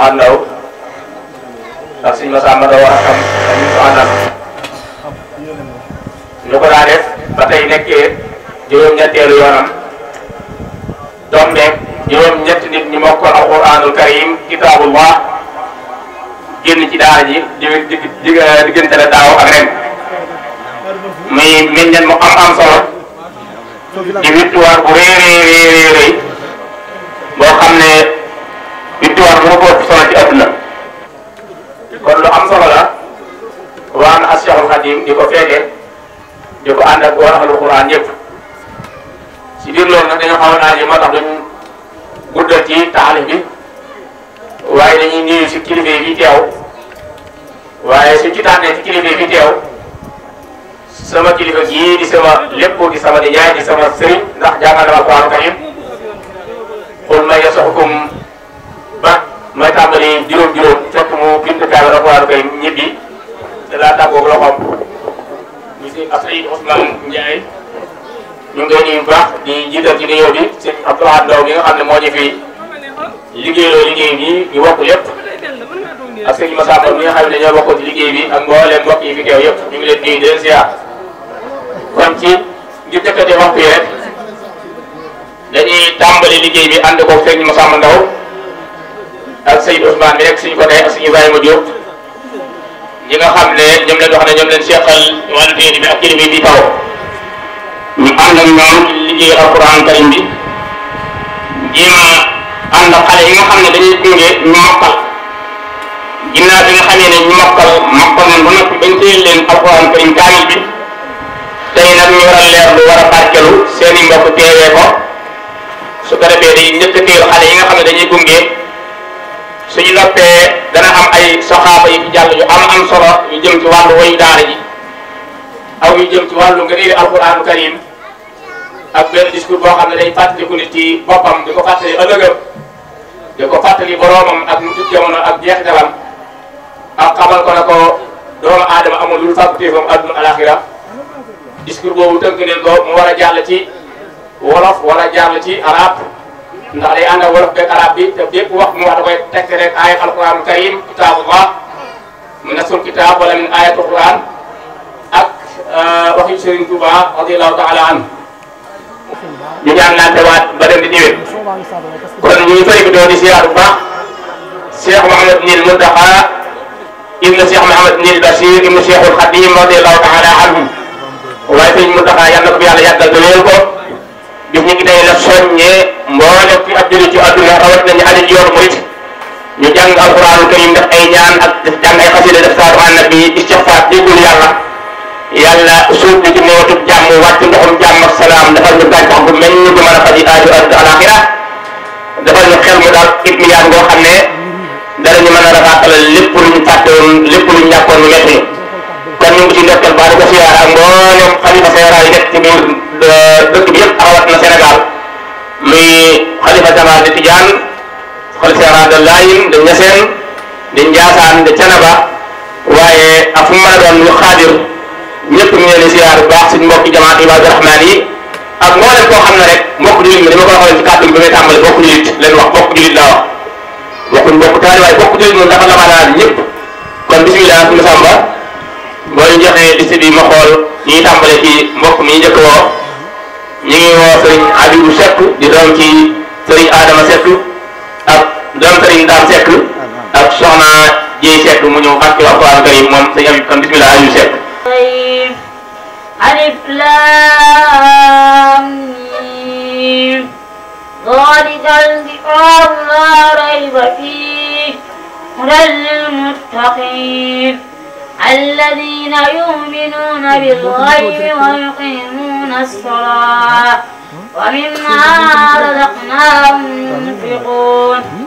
annahu nag dañoo xaw a naaj yi moo tax duñ guddal ci taalif bi waaye dañuy nuyu si kilifa yi teew waaye suñ ci tànnee ci kilifa yi teew sama kilifa gii di sama lépp di sama di ñaay di sama sëriñ ndax jàngal na alquran karim xul may yasaxukum ba may tàmbali juróom-juróom fekk mu bind kaamil alquran karim ñibbi te laa tàggoog loxoom ñu si Asri Ousmane Ndiaye ñu ngi koy nuyu bu di jiital ci nuyoo bi sëñ Abdou Ahad Ndaw bi nga xam ne moo ñu fi liggéey bi ñu bi nga xam ne ñoo ak mbooleem ñu ngi leen nuyu di leen dañuy tàmbali liggéey bi ànd ko sëñ Massamba Ndaw ak sëñ Ousmane bi rek suñu côté ak suñu Ibrahima Diop ñi nga xam ne ñoom leen wax ne ñoom leen seqal wàllu téere bi ak kilifa bi taw ñu ànd ak ñoom ci liggéey alquran karim bi jéem a ànd ak xale yi nga xam ne dañuy gunge ñu mokkal ginnaaw bi xamee ne ñu mokkal mokkal nañ ba noppi bañ leen alquran kaamil bi tey nag ñu war a leer lu war a barkelu seen i mbokk teewee ko su ko defee day njëkk xale yi nga xam ne dañuy gunge suñu noppee dana am ay soxaaba yi fi jàll yu am am solo yu jëm ci wàllu wayu daara ji aw yu jëm ci wàllu nga déglu alquranu karim ak benn discours boo xam ne day fàttaliku nit ci boppam di ko fàttali ëllëgam di ko fàttali boroomam ak nu tudd ak jeexitalam ak xamal ko ne ko doomu aadama amul lu fàkkuteefam adduna alaxira discours boobu tënk neen ko mu war a jàll ci wolof wala jàll ci arab ndax day ànd ak wolof beeg arab bi te bépp wax mu wax da koy tegte rek aaya alquranul karim kitaabullah min nasul kitaab wala min ayatul quran ak Ah, waxi Serigne Touba radiyallahu taala an ñu ñaanalante waat ba dem di déwén kon ñu ngi fay doon di siyaar bu baax Cheikh Mouhamed Nil Mountakha ibnu Cheikh Mouhamed Nil Bachir ibnu Cheikhul Khadim na ko fi yàlla yàggal dooleel ko bis ñu ngi day la soññee mboolem fi ab jullit ci àdduna rawat nañu aju ci yoonu murit ñu jàng alxuraanul karim def ay ñaan ak def jàng ay yàlla suuf bi ci néewatub jàmm wàcc ndoxum jàmm ak salaam defal ñu gàncax a faji aaju add xel mu daal it mi yaan ngoo xam ne danañu mën a rafaatal lépp lu ñu fàtte woon lépp kon ñu ngi ci ndokkal baax di ko siyaar ak mboolem xalifa général yi nekk ci biir euh, dëkk bi yëpp rawat na Sénégal muy xalifa général de Tidiane xalifa général de Layine de Niassène de mu xaadir ñëpp ñu ngi leen di ziar bu baax suñu mbokki jamaat Ibaadu Rahmaan yi ak mboolem koo xam ne rek mbokk jullit mi dama ko waxoon ci kàddu gi ba may tàmbali mbokk jullit mbokk jullit laa wax waxuñ mbokk taali waaye mbokk jullit kon bisimilah mi njëkk woo ñu ngi Abibu Seck di doom ci sëriñ Adama Seck ak doom sëriñ Dame Seck ak soxna Dieye Seck mu ñëw xat ci waxtaan karim moom sëriñ Abibu Seck السيف ألف لام ذلك الكتاب لا ريب فيه هدى للمتقين الذين يؤمنون بالغيب ويقيمون الصلاة ومما رزقناهم ينفقون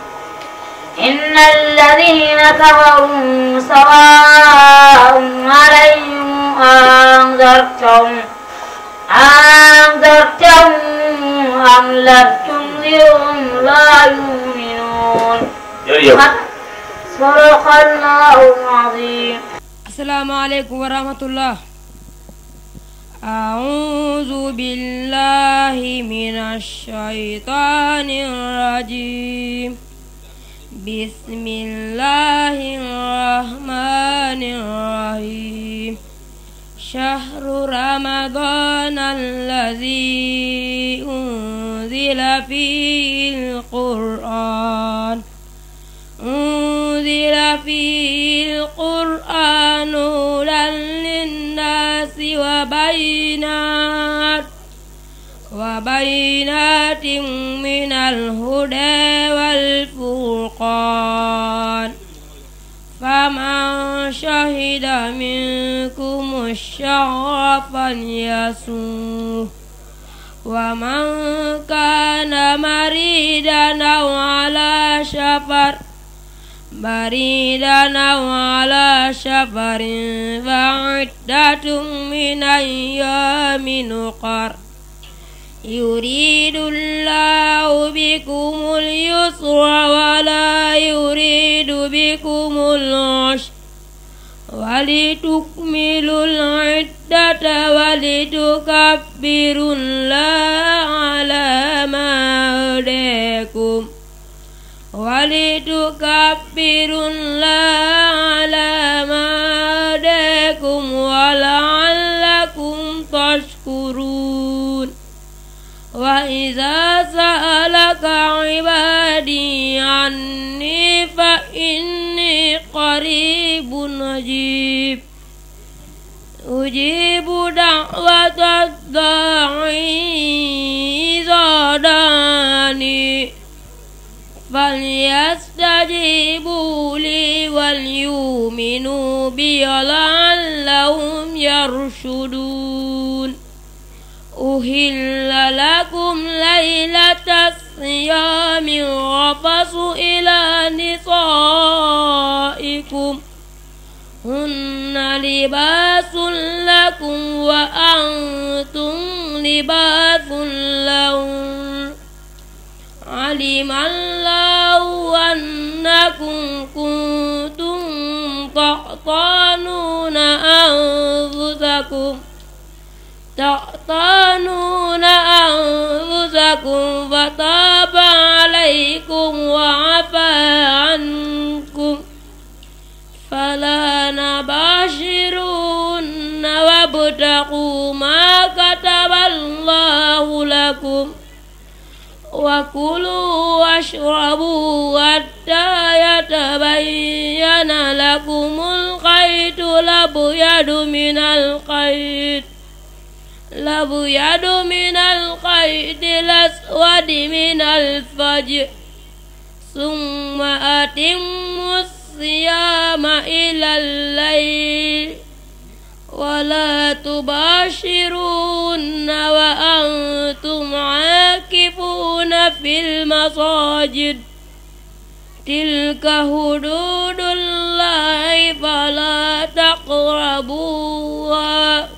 إن الذين كفروا سواء عليهم أنذرتهم أنذرتهم أم لم تنذرهم لا يؤمنون صدق الله العظيم السلام عليكم ورحمة الله أعوذ بالله من الشيطان الرجيم بسم الله الرحمن الرحيم شهر رمضان الذي أنزل فيه القرآن أنزل فيه القرآن هدى للناس وبينات وبينات من الهدى والفرقان فمن شهد منكم الشهر فليصوم ومن كان مريدا أو على سفر مريدا أو على سفر فعدة من أيام أخر يريد الله بكم اليسر ولا يريد بكم العسر ولتكملوا العدة ولتكبروا الله على ما هداكم ولتكبروا الله على ما عني فإني قريب أجيب أجيب دعوة الداعي إذا دعاني فليستجيبوا لي وليؤمنوا بي لعلهم يرشدون أهل لكم ليلة السلام الصيام الرفث إلى نسائكم هن لباس لكم وأنتم لباس لهم علم الله أنكم كنتم تحطانون أنفسكم تختانون أنفسكم فطاب عليكم وعفى عنكم فلا نباشرون وابتغوا ما كتب الله لكم وكلوا واشربوا حتى يتبين لكم الخيط الأبيض من الخيط الأبيض من القيد الأسود من الفجر ثم أتم الصيام إلى الليل ولا تباشرون وأنتم عاكفون في المساجد تلك حدود الله فلا تقربوها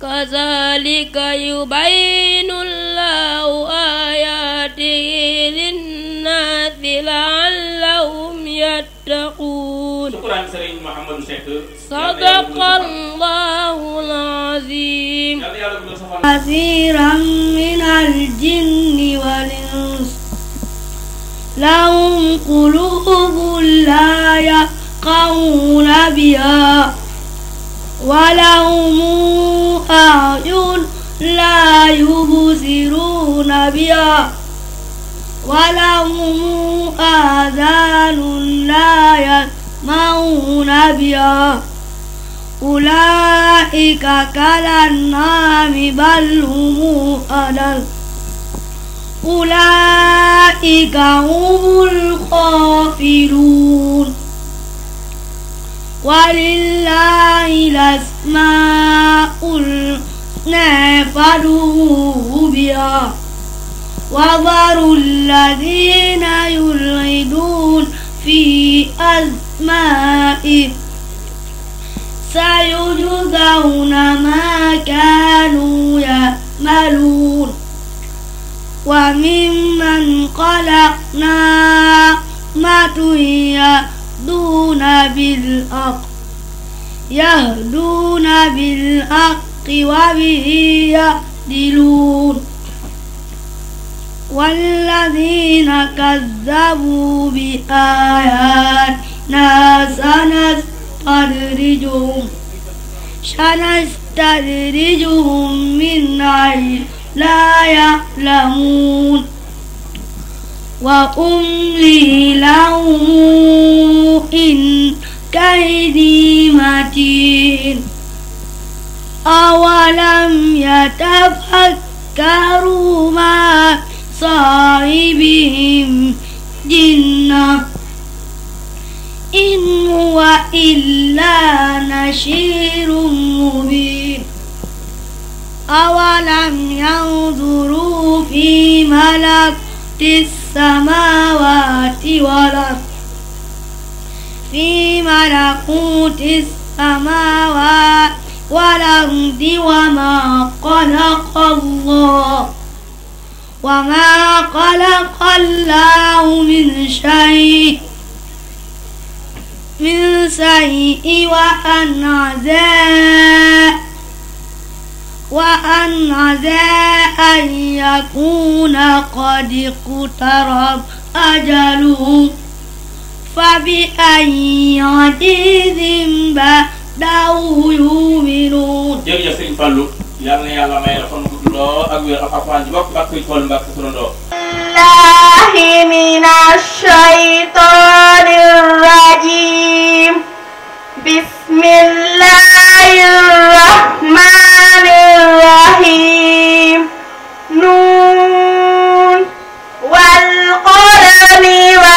kazalika yubayinu llahu ayaatihi linnaasi laallahum yattaquun. Shukran Serigne Mouhamadou Seck. Sadaqallahu l-aziim. Kasiiran minal jinni wal ins lahum quluubun laa yafqahuuna bihaa. ولهم أعين لا يبصرون بها ولهم آذان لا يسمعون بها أولئك كالأنعام بل هم أضل أولئك هم الغافلون ولله الأسماء الحسنى فادعوه بها وذروا الذين يلحدون في أسمائه سيجزون ما كانوا يعملون وممن خلقنا أمة يهدون بالحق يهدون بالحق وبه يعدلون والذين كذبوا بآياتنا سنستدرجهم سنستدرجهم من حيث لا يعلمون وأملي له إن كيدي متين أولم يتفكروا ما صاحبهم جنة إن هو إلا نشير مبين أولم ينظروا في ملك السماوات والأرض في ملكوت السماوات والأرض وما خلق الله وما خلق الله من شيء من شيء وأن عذاب وأن عسى أن يكون قد اقترب أجلهم فبأي حديث بعده يؤمنون jërëjëf sëñ Fallou yal na yàlla may la fan gudd loo ak wér ak alxuraan ji bokk mbàkk tool mbàkk turandoo الله من الشيطان الرجيم بسم الله الرحمن الرحيم نون والقلم والقلم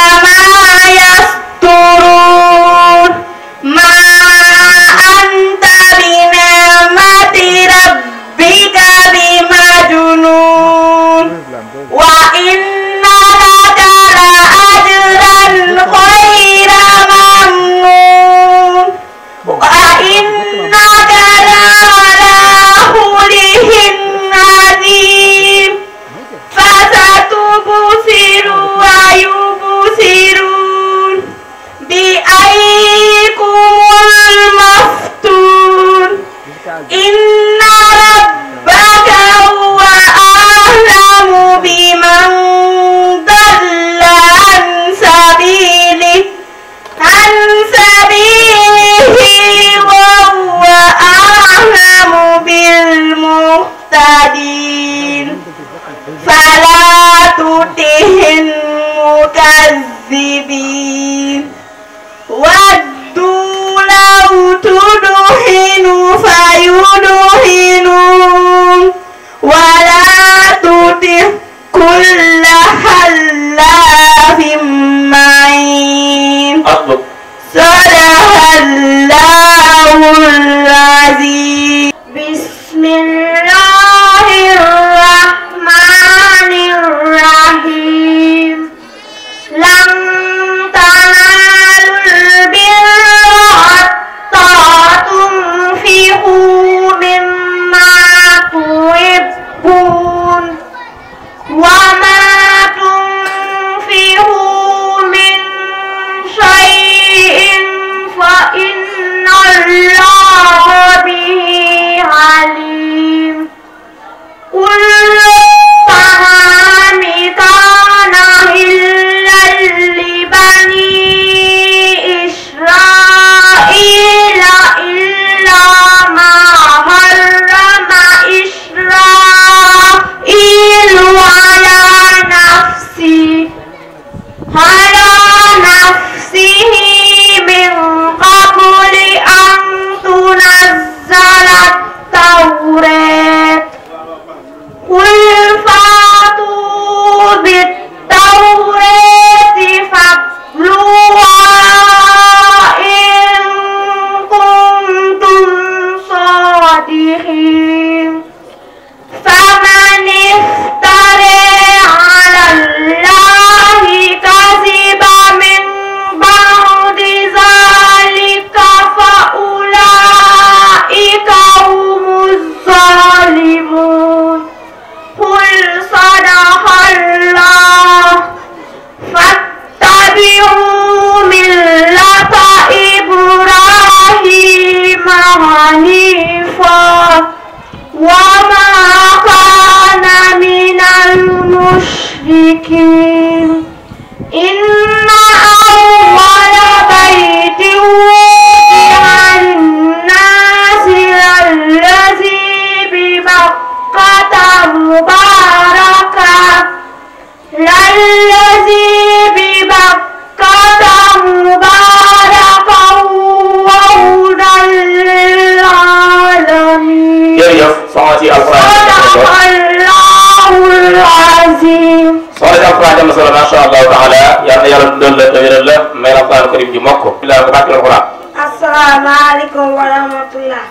asalaamaaleykum wa rahmatullah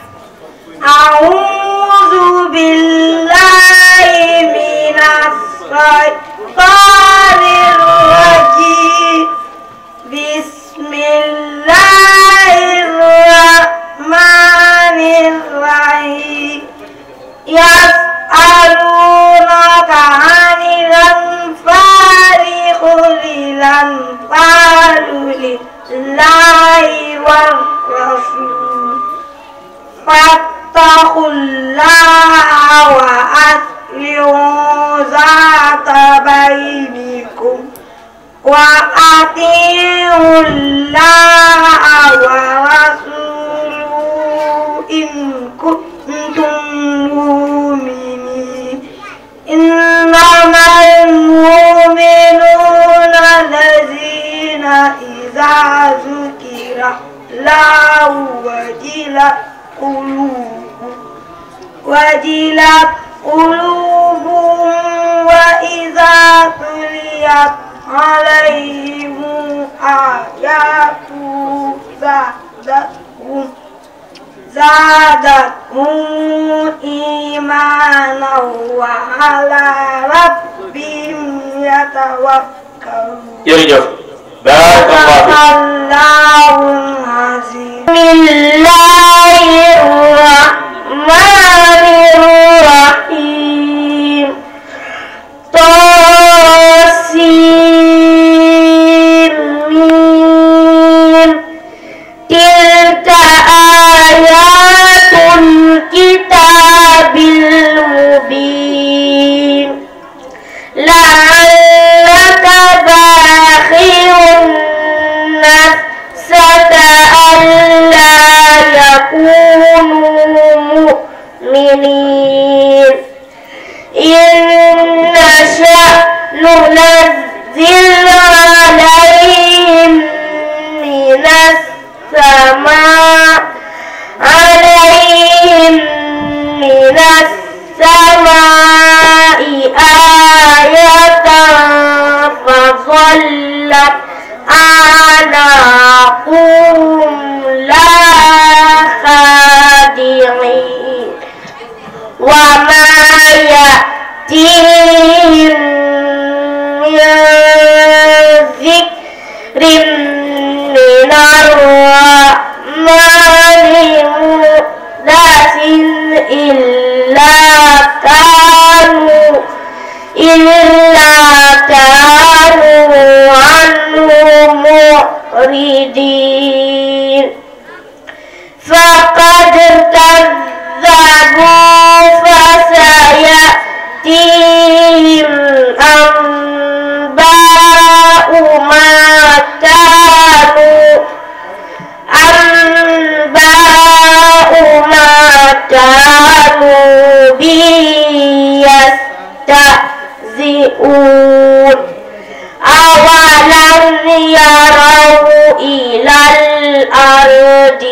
أعوذ بالله من الشيطان الرجيم بسم الله الرحمن الرحيم يسألونك عن الأنفال قل الأنفال لله الله والرسول فاتقوا الله وأسلموا ذات بينكم وأطيعوا الله ورسوله إن كنتم مؤمنين إنما المؤمنون الذين إذا إذا ذكر الله وجلت قلوبهم وجلت قلوبهم وإذا تليت عليهم آياته زادتهم زادتهم إيمانا وعلى ربهم يتوكلون صدق الله العظيم بسم الله الرحمن الرحيم تكونوا مؤمنين إن نشأ ننزل عليهم من السماء عليهم من السماء آية فظلت أعناقهم أجمعين وما يأتيهم من ذكر من الرحمن مؤنس إلا كانوا إلا كانوا عنه مؤردين فقد كذبوا فسيأتيهم أنباء ما كانوا أنباء ما كانوا به يستهزئون أولم يروا إلى الأرض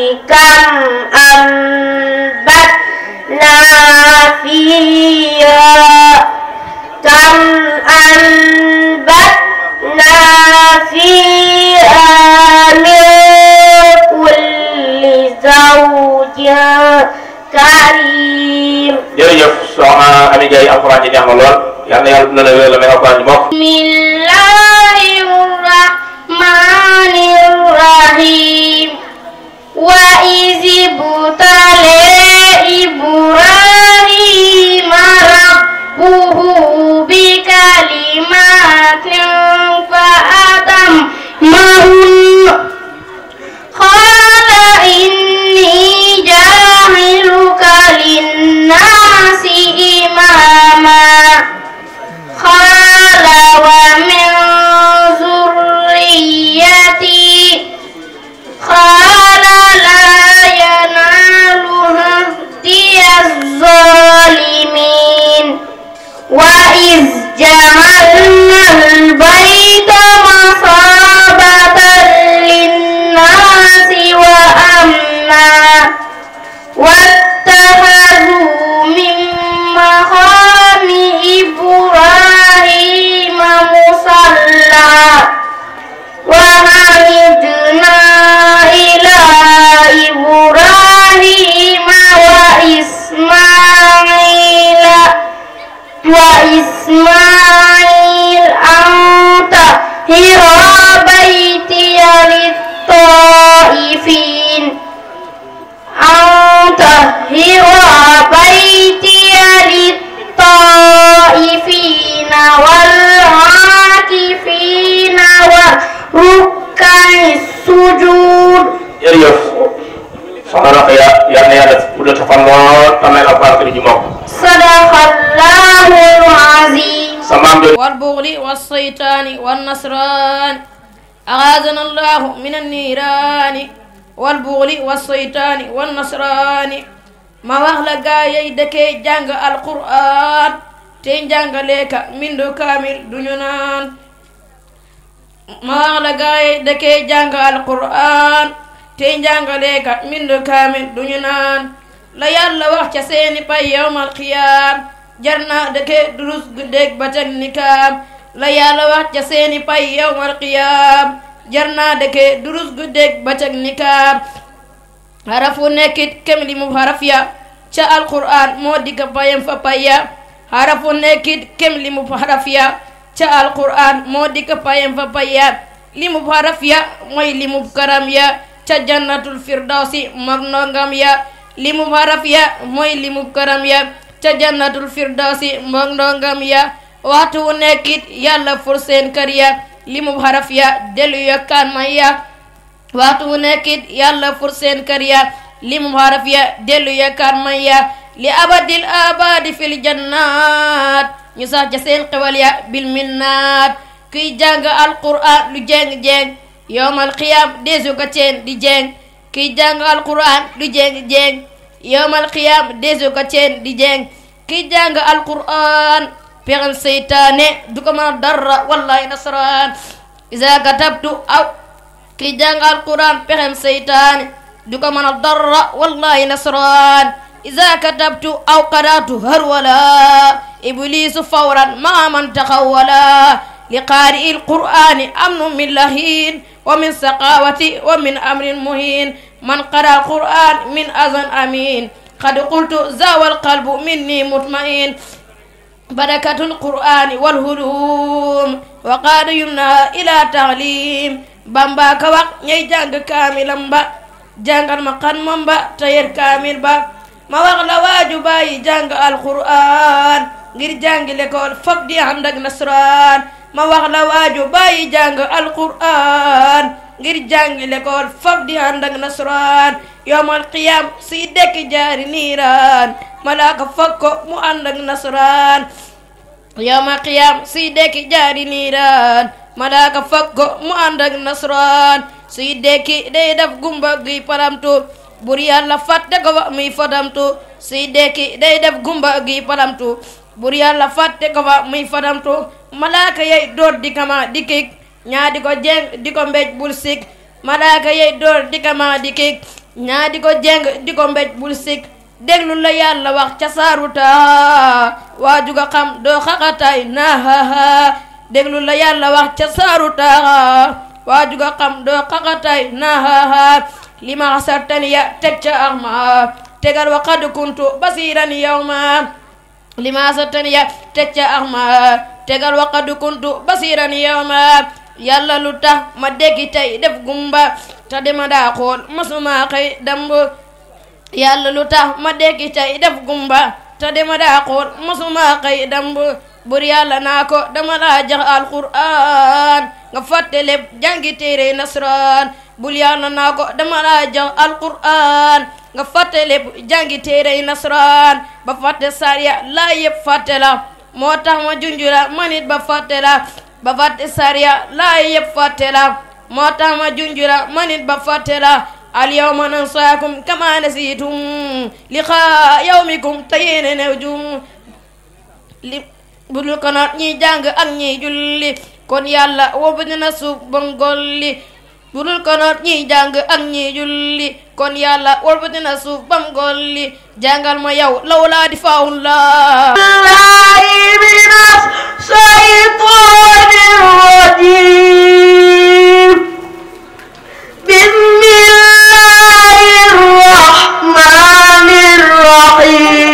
alxuraan ji neex na lool yal na yàlla dina la wér والرجل والشيطان والنصران أغاثنا الله من النيران والبغل والشيطان wax la gaa yey dëkkee jàng alquran tey njàngaleeka mindu kaamil duñu la gaa la wax ca seeni pay yawmal qiyaam jar naa dëkkee durus guddeeg ni kaam la wax ca seeni pay yawmal qiyaam jar naa dëkke durus guddeeg bëccëg nikaab ca alquraan moo digga kem li mu ya ca alquraan moo digga payam fa paya li mu xaraf ya mooy li karam ya ca jannatul firdawsi mag ndongam ya li mu ya mooy li karam ya ca jannatul firdawsi mag ndongam ya waxtu wu nekk it yàlla fur seen kër ya limub xaraf ya delu yokkaan ya wu nekk yàlla fur seen kër ya limub xaraf ya delu yokkaan li abadil abadi fil jannaat ñu sax ca seen xewal ya bil minnaat kuy jàng alquran lu jéng-jéng yowmal xiyam deesu ko ceen di jéng kiy jàng alquran du jéng jéng yowmal xiyam deesu ko ceen di jéng kiy jàng alquran pexel seytaane du ko mën a dara wallahi nasaraan isa katabtu aw ki jàng alquran pexem seytaane du ko mën a dara wallahi nasaraan isa katabtu aw qadaatu har wala iblisu fawran maa man taxaw wala li qaari il qur'aani amnu min lahin wa min saqawati wa min amrin muhin man qara alquran min azan amin qad qultu zawal qalbu minni mutmain بركة القرآن والهلوم وقاد يمنا إلى تعليم بامبا كواق ñey jàng kaamilam ba jàngal ma xan moom ba tayer kaamil ba ma wax la waaju bàyyi jàng alquran ngir jàngi l'école foog di ànd nasraan ma wax la waaju bàyyi jàng alquran ngir jàngi l'école fab di ànd nasraan yowmal qiyaam si dekki jaari niiraan malaaka fag ko mu ànd ak nasraan yowmal qiyaam si dekki jaari niiraan malaaka fag ko mu ànd ak nasraan si dekki day def gumba guy palamtu bur yàlla fàtte ko fa muy fadamtu si dekki day def gumba guy palamtu bur yàlla fàtte ko fa muy fadamtu malaaka yay doot di kama di kik ñaadi ko jeng di ko mbéj bul sik malaaka yey dóor di kamaa di ñaadi ko jeng di ko mbéj bul sik déglu la yàlla wax ca saaru taa waaju ko xam doo xaqataay naaha déglu la yàlla wax ca saaru taa waaju ca axma tegal wa qad kuntu basiran yawma ma xasartani ya teg ca axma tegal wa qad kuntu basiran yawma yàlla lu tax ma déggi tey def gumba te dima daa xool masuma xëy damb yàlla lu tax ma déggi tey def gumba te dima daa xool masuma xëy damb bur yàlla naa ko dama laa jax alquran nga fàtte lépp jàngi téere nasran bul yàlla naa ko dama laa jax alquran nga fàtte lépp jàngi téere nasran ba fàtte sariya laa yëpp la moo tax ma junjula manit ba fàtte la ba fàtte sariya laay yëpp la moo tax ma junjura manit ba fàtte la alyawma nansaakum kama nasiitum liqaa yawmikum te yéene new jum li budul konoot ñiy jàng ak ñi julli kon yàlla wobbu na suuf bam golli budul konoot ñiy jàng ak ñiy julli kon yàlla wobbu na suuf bam golli jàngal ma yow lawlaa الرحيم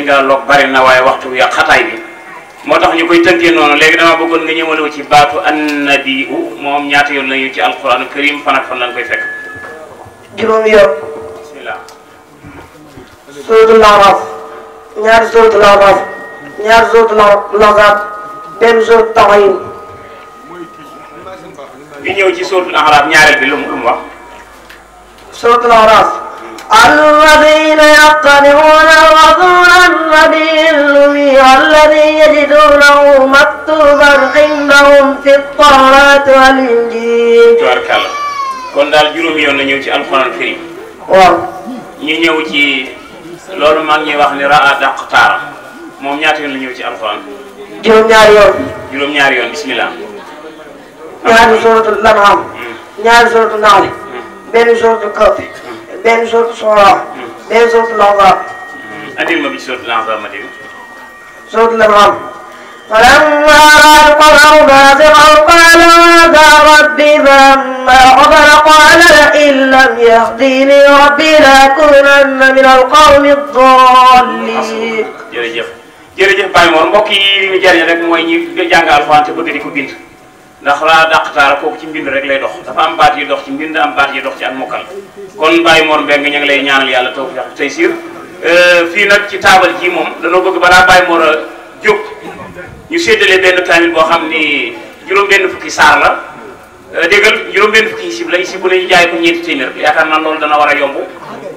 ñi nga loog bari na waaye waxtu wi ak xataay bi moo tax ñu koy tënkee noonu léegi dama bëggoon nga ñëwal ma ci baatu annabi u moom ñaata yoon lañu ci alquran karim fan ak fan lañ koy fekk. juróomi yoon. bismillah. suratul Araf ñaari suratul Araf ñaari suratul Lazaat benn suratul Taxrim. bi ñëw ci suratul Araf ñaareel bi lu mu lu mu wax. suratul Araf. alladina yaqra'una الهدي الأمي الذي يجدونه مكتوبا عندهم في التوراة والإنجيل تبارك الله kon daal juróomi yoon la ñëw ci alxuraan karim waaw ñu ñëw ci loolu mag ñuy wax ni raa dàq taara moom ñaata yoon la ñëw ci alxuraan juróom-ñaari yoon juróom-ñaari yoon bismillah ñaari suratul anam mm. ñaari suratul nahl mm. benn suratul kahf mm. benn suratul sora benn suratul ahzab أتم بسورة العظام أتم سورة الأنعام فلما رأى القمر بازغا قال هذا ربي فلما أبلغ قال لئن لم يهديني ربي لأكونن من القوم الضالين jërëjëf jërëjëf Baye Mor mbokk yi li ñu jariñ rek mooy ñi jàng alxuraan te bëgg di ko bind ndax laa dàqtaara kooku ci mbind rek lay dox dafa am baat yi dox ci mbind am baat yi dox ci ak mokkal kon Baye Mor Mbengue ñu ngi lay ñaanal yàlla tawfiq tey siir Euh, fii nag ci taabal ji moom danoo bëgg balaa bàyyi moo a jóg ñu séddale benn kaamil boo xam ni juróom-benn fukki saar la euh, déggal juróom-benn fukki isib la isib bu ne ñu jaay ko ñeenti war a yomb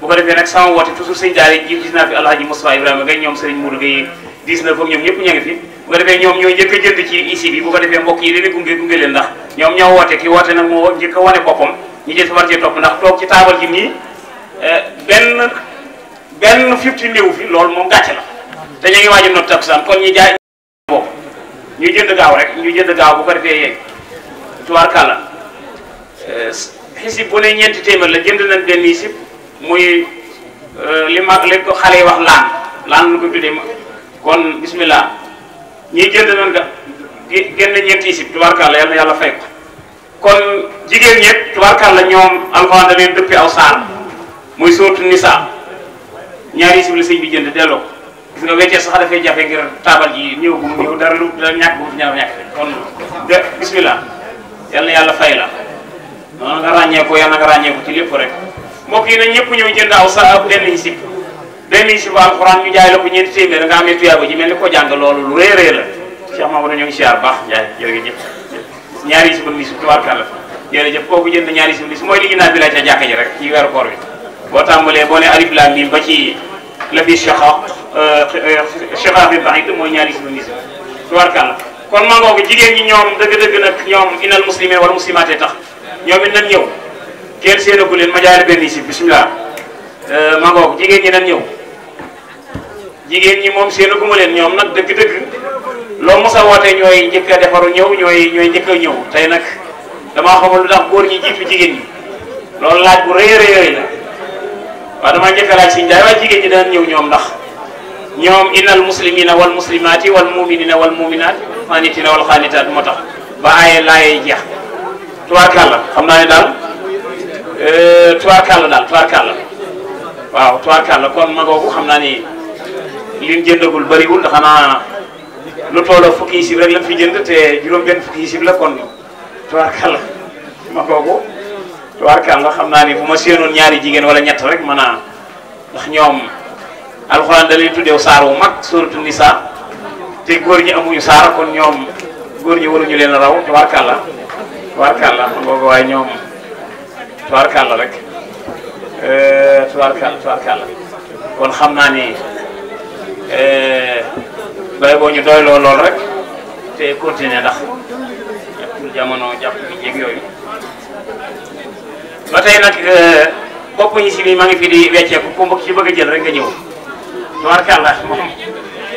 bu ko defee nag sama woote toujours sëñ daara ji gis naa fi alhaji Moustapha Ibrahima ngay ñoom sëriñ Mourou Gueye dix neuf ak ñëpp ña ngi ñoom ñoo njëkk a jënd ci isib yi bu ko defee mbokk yi leen gunge gunge leen ndax ñoom ñoo woote ki woote nag moo njëkk a wane boppam ñu jël war cee topp ndax toog ci taabal ji nii euh, benn benn fifty néew fi loolu moom gàcce la te ñu ngi waaj a noot takusaan kon ñu jaay boobu jënd gaaw rek ñu jënd gaaw bu ko defee yeeg tubaarkàlla xisib eh, bu ne ñeenti téeméer la jënd nañ benn xisib muy eh, li mag li ko xale yi wax laan laan lu ko tuddee ma kon bismillah ñii jënd nañ nga génn ñeenti xisib tubaarkàlla yàlla yàlla fay ko kon jigéen ñëpp tubaarkàlla ñoom alxuraan da leen dëppee aw saar muy sóotu nisaa ñaari sib la sëñ bi jënd delloo ko gis nga weccee sax dafay jafe ngir taabal ji ñëw bu ñëw dara lu dara ñàkk bu ñaaw ñàkk kon de bismillah yàlla fay la noonu nga ràññee ko yal na ci lépp rek mbokk ñëpp ñëw jënd aw saab benn yi sib benn yi sib alxuraan ñu jaay la ko ñeenti téeméer da nga mel ni ko jàng loolu lu rëy rëy la Cheikh Mamadou ñoo ngi siyaar baax jaay jërëjëf ñaari sib ak ni sib tubaarkàlla jërëjëf kooku jënd ñaari mooy li ñu naan ca jàkka ji rek ci weeru koor bi boo tàmbalee boo ne alif laam ba ci la fi shaqaq shaqaq bi ba'id mooy ñaari sionisme tubarkàlla kon maa ngoo ko jigéen ñi ñoom dëgg dëkk nag ñoom innal muslimee wal muslimaatee tax ñoom it nan ñëw kenn séenagu leen ma jaare benn si bismillah euh, maa jigéen ñi nan ñëw jigéen ñi moom séenagu ma leen ñoom nag dëgg-dëgg loo mos a woote ñooy njëkk defaru ñëw ñooy ñooy njëkk a ñëw tey nag damaa xamul lu tax góor ñi jiitu jigéen ñi loolu laaj bu rëy rëy la waaw damaa njëkk a laaj sëñ Ndiaye waaye jigéen ñi daan ñëw ñoom ndax ñoom innal muslimina wal muslimaati wal muminina wal muminaat xaanitina wal xaanitaat moo tax ba aaye laayee jeex tubaarkàlla xam naa ne daal e, tubaarkàlla daal tubaarkàlla waaw tubaarkàlla kon ma xam naa ni liñ jëndagul bëriwul ndax xanaa lu tolloo fukki isib rek lañ fi jënd te juróom-benn fukki isib la kon tubaarkàlla ma googu tubaarkaal la xam naa ni bu ma séenoon ñaari jigéen wala ñett rek mën a ndax ñoom alxuraan da lay tuddeew wu mag suratu nisa te góor ñi amuñu saar kon ñoom góor ñi waruñu leen raw tubaarkaal la tubaarkaal la kon boobu waaye la eh, kon xam naa ni eh, bay boo ñu doyloo lool rek te continuer ndax jàppul jàpp bi jéeg yooyu ba tey nag euh, bopp ñi si bi ma ngi fi di wecceeku ku mbokk ci bëgg a jël rek nga ñëw tubaarkàlla moom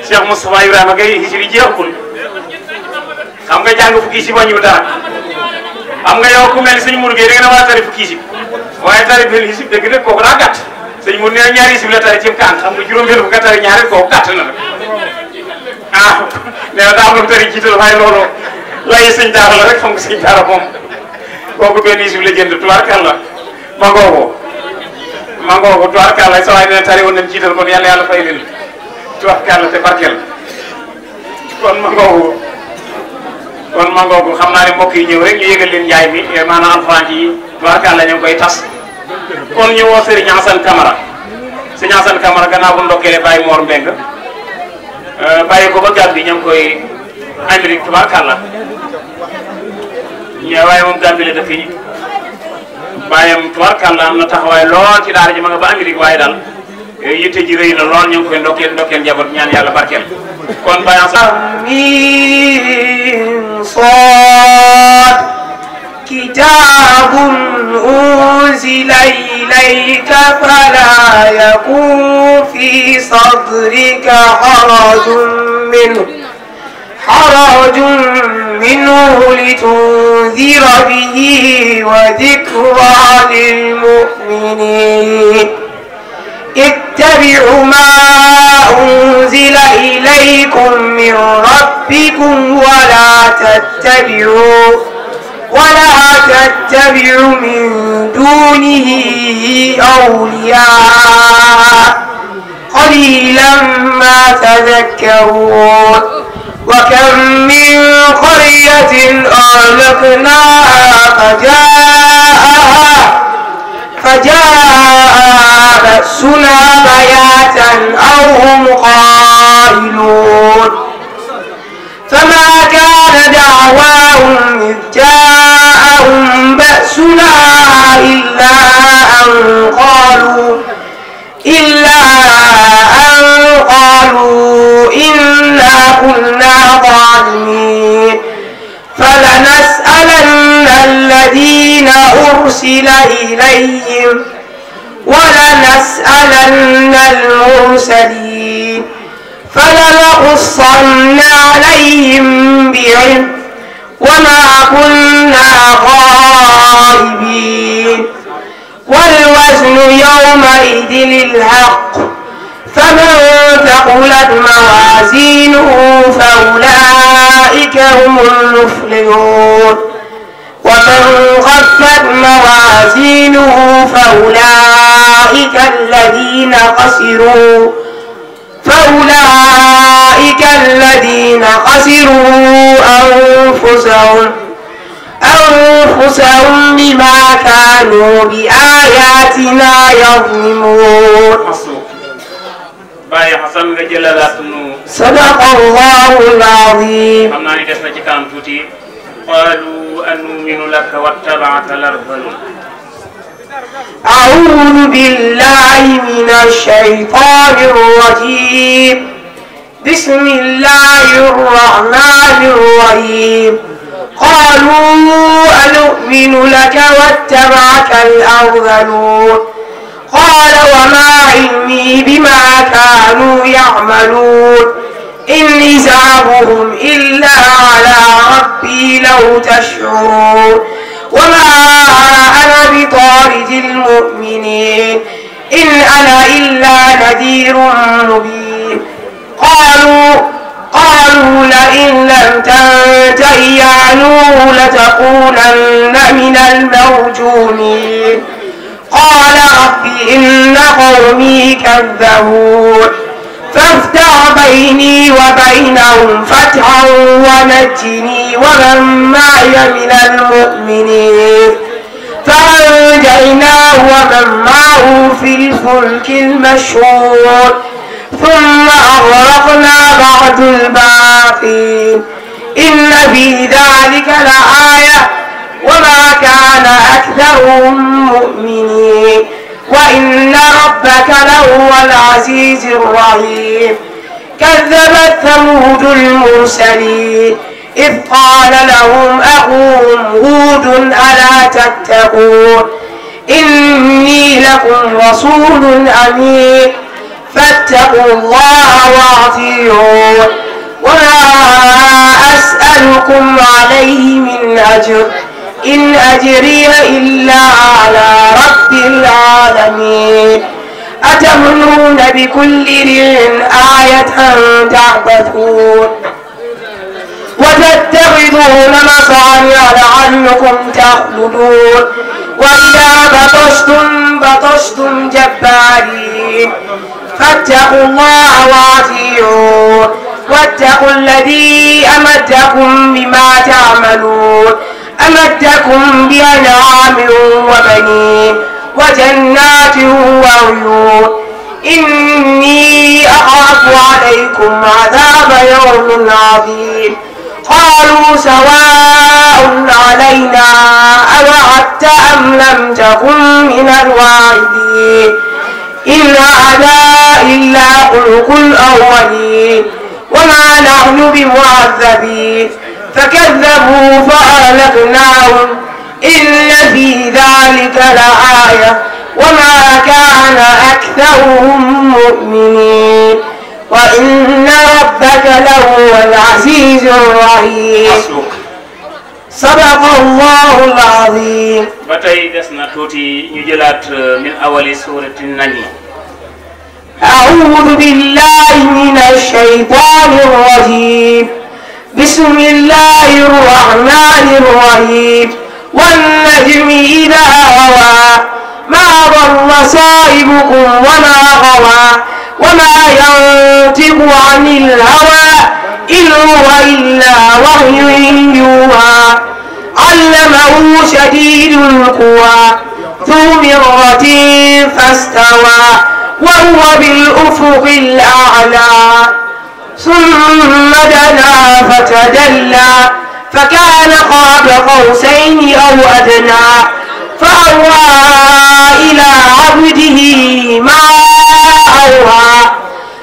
Cheikh Moustapha Ibrahima Gueye si bi jeexul xam nga jàng fukki si wàññiwul dara xam nga yow ku mel ni sëñ Mourou Gueye da nga ne war a tari fukki si waaye si dëgg dëgg kooku daa gàtt sëñ Mourou nee na ñaari si bi la tari cim kaan xam nga juróom-benn bu nga tari ñaari kooku gàtt na ah nee na daa am lu tari jiital waaye loolu lay sëñ daara la rek xam nga sëñ daara moom kooku benn isib la jënd tubaarkàlla ma ngoogu ma ngoogu tubaarkàlla sa waay ne tari woon nañ jiital kon yàlla yàlla fay leen tubaarkàlla te barkeel kon mangoo ngoogu kon ma ngoogu xam naa ne mbokk yi ñëw rek ñu yëgal leen njaay mi eh, maanaam alxuraan yi tubaarkàlla ñu ngi koy tas kon ñu woo Serigne Assane Camara Serigne Assane Camara gannaaw bu ndokkeele Baye Mor Mbeng eh, bàyyi ko ba gàll bi ñu ngi koy Amérique tubaarkàlla ñëw waaye moom Gambie la dëkk yi bàyyam tubarkàlla am na taxawaay lool ci daara ji ma nga ba Amérique kon bàyyam sax min sood fala yakun fi sadrika harajun minhu حرج منه لتنذر به وذكرى للمؤمنين اتبعوا ما أنزل إليكم من ربكم ولا تتبعوا ولا تتبعوا من دونه أولياء قليلا ما تذكرون وكم من قرية أهلكناها فجاءها فجاء بأسنا بياتا أو هم قائلون فما كان دعواهم إذ جاءهم بأسنا إلا أن قالوا إلا قالوا إنا كنا ظالمين فلنسألن الذين أرسل إليهم ولنسألن المرسلين فلنقصن عليهم بعلم وما كنا غائبين والوزن يومئذ الحق فمن ثقلت موازينه فأولئك هم المفلحون ومن خفت موازينه فأولئك الذين خسروا فأولئك الذين خسروا أنفسهم أنفسهم بما كانوا بآياتنا يظلمون Baye Xasan nga jëlalaat nu. sadaqa allahu alazim. xam naa ni des na ci kanam tuuti. qaalu anuuminu laka wattabaaka al-ardhaluun. أعوذ بالله من الشيطان الرجيم بسم الله الرحمن الرحيم قالوا أنؤمن لك واتبعك الأرذلون قال وما علمي بما كانوا يعملون إن حسابهم إلا على ربي لو تشعرون وما أنا بطارد المؤمنين إن أنا إلا نذير مبين قالوا قالوا لئن لم تنته يا نوح لتكونن من المرجومين قال رب إن قومي كذبون فافتح بيني وبينهم فتحا ونجني ومن معي من المؤمنين فأنجيناه ومن معه في الفلك المشهور ثم أغرقنا بعد الباقين إن في ذلك لآية وما كان أكثرهم مؤمنين وإن ربك لهو العزيز الرحيم كذبت ثمود المرسلين إذ قال لهم أخوهم هود ألا تتقون إني لكم رسول أمين فاتقوا الله وأطيعون وما أسألكم عليه من أجر إن أجري إلا على رب العالمين أتمنون بكل ريع آية تعبثون وتتخذون مصانع لعلكم تخلدون وإذا بطشتم بطشتم جبارين فاتقوا الله وأطيعون واتقوا الذي أمدكم بما تعملون ومتكم بأنعام وبنين وجنات وعيون إني أخاف عليكم عذاب يوم عظيم قالوا سواء علينا أوعدت أم لم تكن من الواعدين إن هذا إلا خلق الأولين وما نحن بمعذبين فكذبوا فأهلكناهم إن في ذلك لآية وما كان أكثرهم مؤمنين وإن ربك لهو العزيز الرحيم sadaqa allahu alazim ba tey des na tuuti ñu jëlaat euh, min awali suurati najm a'uudu billahi min alshaytaani rajim بسم الله الرحمن الرحيم والنجم إذا هوى ما ضل صاحبكم وما غوى وما ينطق عن الهوى إن هو إلا وحي يوحى علمه شديد القوى ذو مرة فاستوى وهو بالأفق الأعلى ثم دنا فتدلى فكان قاب قوسين أو أدنى فأوى إلى عبده ما أوى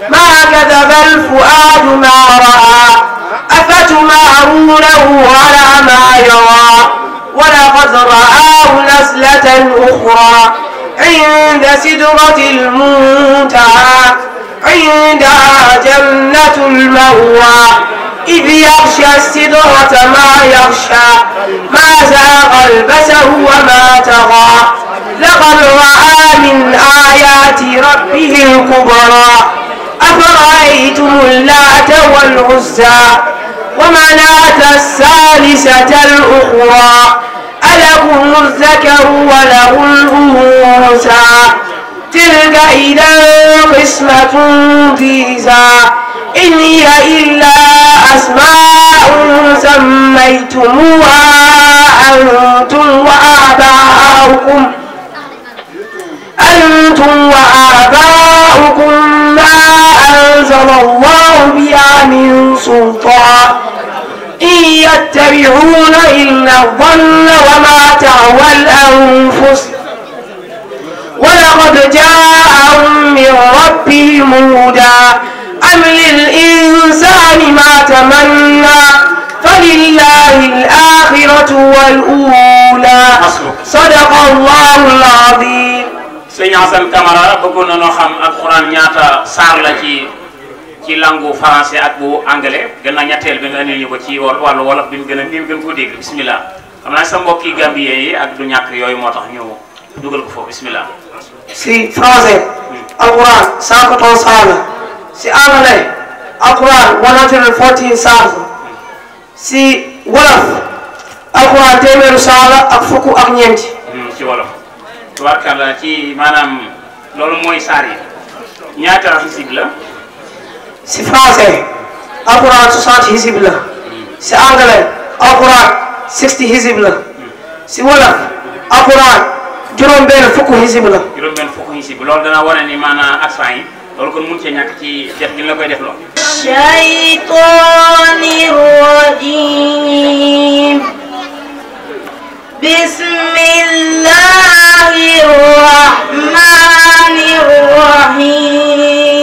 ما كذب الفؤاد ما رأى أفتمارونه على ما يرى ولقد رآه نزلة أخرى عند سدرة المنتهى عندها جنة المأوى إذ يغشى السدرة ما يغشى ما زاغ البصر وما تغى لقد رأى من آيات ربه الكبرى أفرأيتم اللات والعزى ومناة الثالثة الأخرى ألكم الذكر وله الأنثى تلك إذا قسمة ضيزى إن هي إلا أسماء سميتموها أنتم وآباؤكم أنتم وآباؤكم ما أنزل الله بها من سلطان إن يتبعون إلا الظن وما تعوى الأنفس ولقد جاءهم من ربهم هدى أم للإنسان ما تمنى فلله الآخرة والأولى صدق الله العظيم sëñ Assane Camara bëggoon na noo xam alxuraan ñaata saar la ci ci langue français ak bu anglais gën a ñetteel bi nga indil ñu ko ci wàllu wolof bi ñu gën a ngir gën koo dégg bismillah xam naa sa mbokki gambien yi ak du ñàkk yooyu moo tax ñëw dugal ko foofu bismillah si français alquran 114 si anglais alquran 114 si wolof alquran téeméeru saga ak fukk ak ñeenti hmm, ci wolof tubaarkàlla ci maanaam loolu mooy saar yi ñaata hisib la si français alquran 60 hisib la hmm. si anglais alquran 60 hisib la hmm. si wolof alquran juróom-benn fukk hisib la. juróom-benn fukk hisib loolu dana wane ni maanaam accent yi loolu kon mun cee ñàkk ci def gi la koy def lool. shaytaani rajim bismillahi rahmani rahim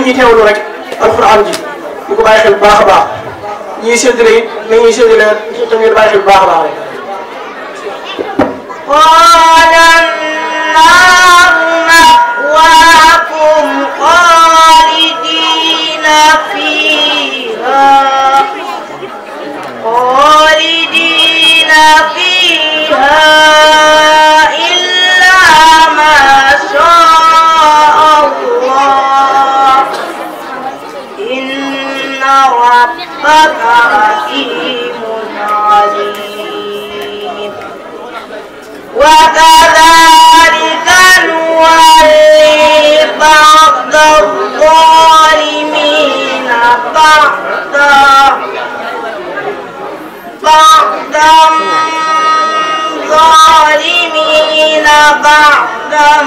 nañuy teewlu rek alxuraan ji di ko bàyyi xel bu baax a baax ñuy séddale it nañuy séddale tamit bàyyi xel bu baax a baax rek إن ربك حكيم عليم وكذلك نولي بعض الظالمين بعضا بعضا ظالمين بعضا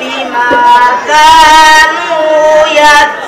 بما كانوا يكفرون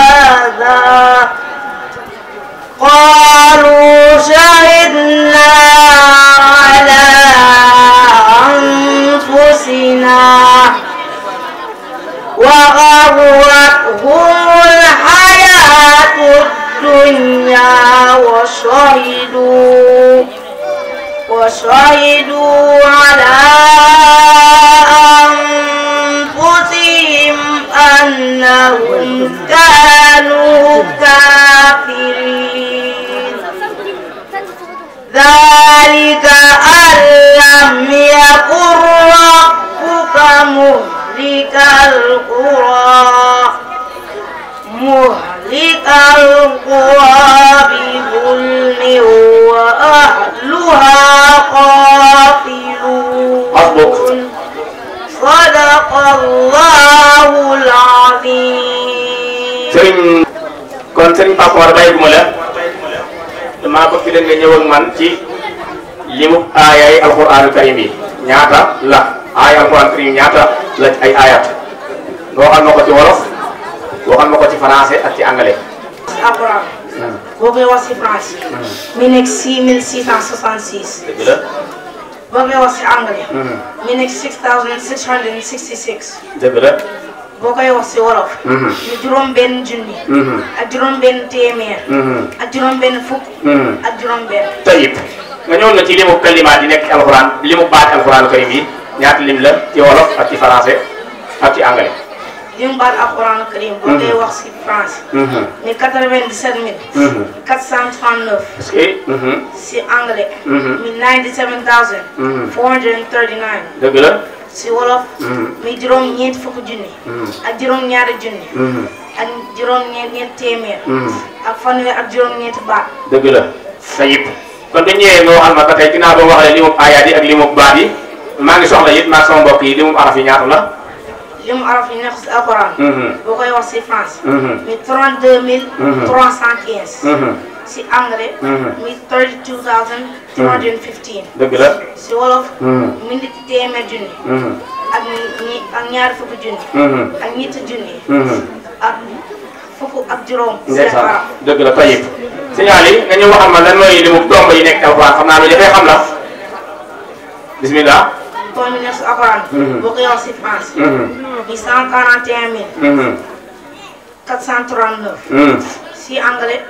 هذا قالوا شهدنا على أنفسنا وغرتهم الحياة الدنيا وشهدوا وشهدوا على أنهم كانوا كافرين ذلك أن لم يكن ربك مهلك القرى مهلك القرى بظلم وأهلها قافلون sadaqallahu al-azim. sëriñ kon sëriñ Pape Mor la damaa ko fi leen nga man ci limu aayay alquran karim yi ñaata la aayay alquran karim ñaata la ay aayat nga waxal ma ko ci wolof waxal ma ko ci français ak ci anglais. alquran hmm. boo koy wax ci français. Hmm. mi nekk 6666. dëgg boo koy wax si anglais. ñu nekk six thousand six hundred and sixty six. dëgg la. boo koy wax si wolof. ñu juróom benn junni. ak juróom benn téeméer. ak juróom benn fukk. ak juróom benn. tayib nga ñëwoon na ci limu kalimaat yi nekk ci alxuraan limu baat alxuraan karim yi ñaata lim la ci wolof ak ci français ak ci anglais. lim baat alxuraan karim boo koy wax si français. Uh-huh. ni quatre-vingt-dix-sept mille. Uh-huh. cent trente-neuf. est-ce que. si uh-huh. anglais. mi ninety-seven thousand. four hundred and thirty-nine. dëgg la. si wolof. mi juróom ñeent fukki junni. ak juróom ñaari junni. ak juróom ñeent ñeent téeméer. ak fanweer ak juróom ñeent baat. dëgg la sa yëpp. kon dañu ñëwee nga waxal ma ba tey ginnaaw ba waxalee li mu yi ak li baat yi maa ngi soxla it maa sama mbokk yi li mu araf ñaata la. li mu araf yi nekk si alxuraan. Mhm. boo koy wax si France. Mhm. mi 32 mille. 315. Mhm. si anglais. mi 32 315. dëgg la si wolof. mi nit téeméer junni. ak ñi ak ñaar fukki junni. ak ñetti junni. ak fukk ak juróom. ndeysaan dëgg la tayib. signal yi nga ñu waxal ma lan mooy li mu tomb yi nekk alxuraan xam naa lu jafe xam la bismillah. terminé su Alxuraan. boo ko yow si France. muy uh-huh. cent quarante et uh-huh. quatre cent trente neuf. Uh-huh. si anglais.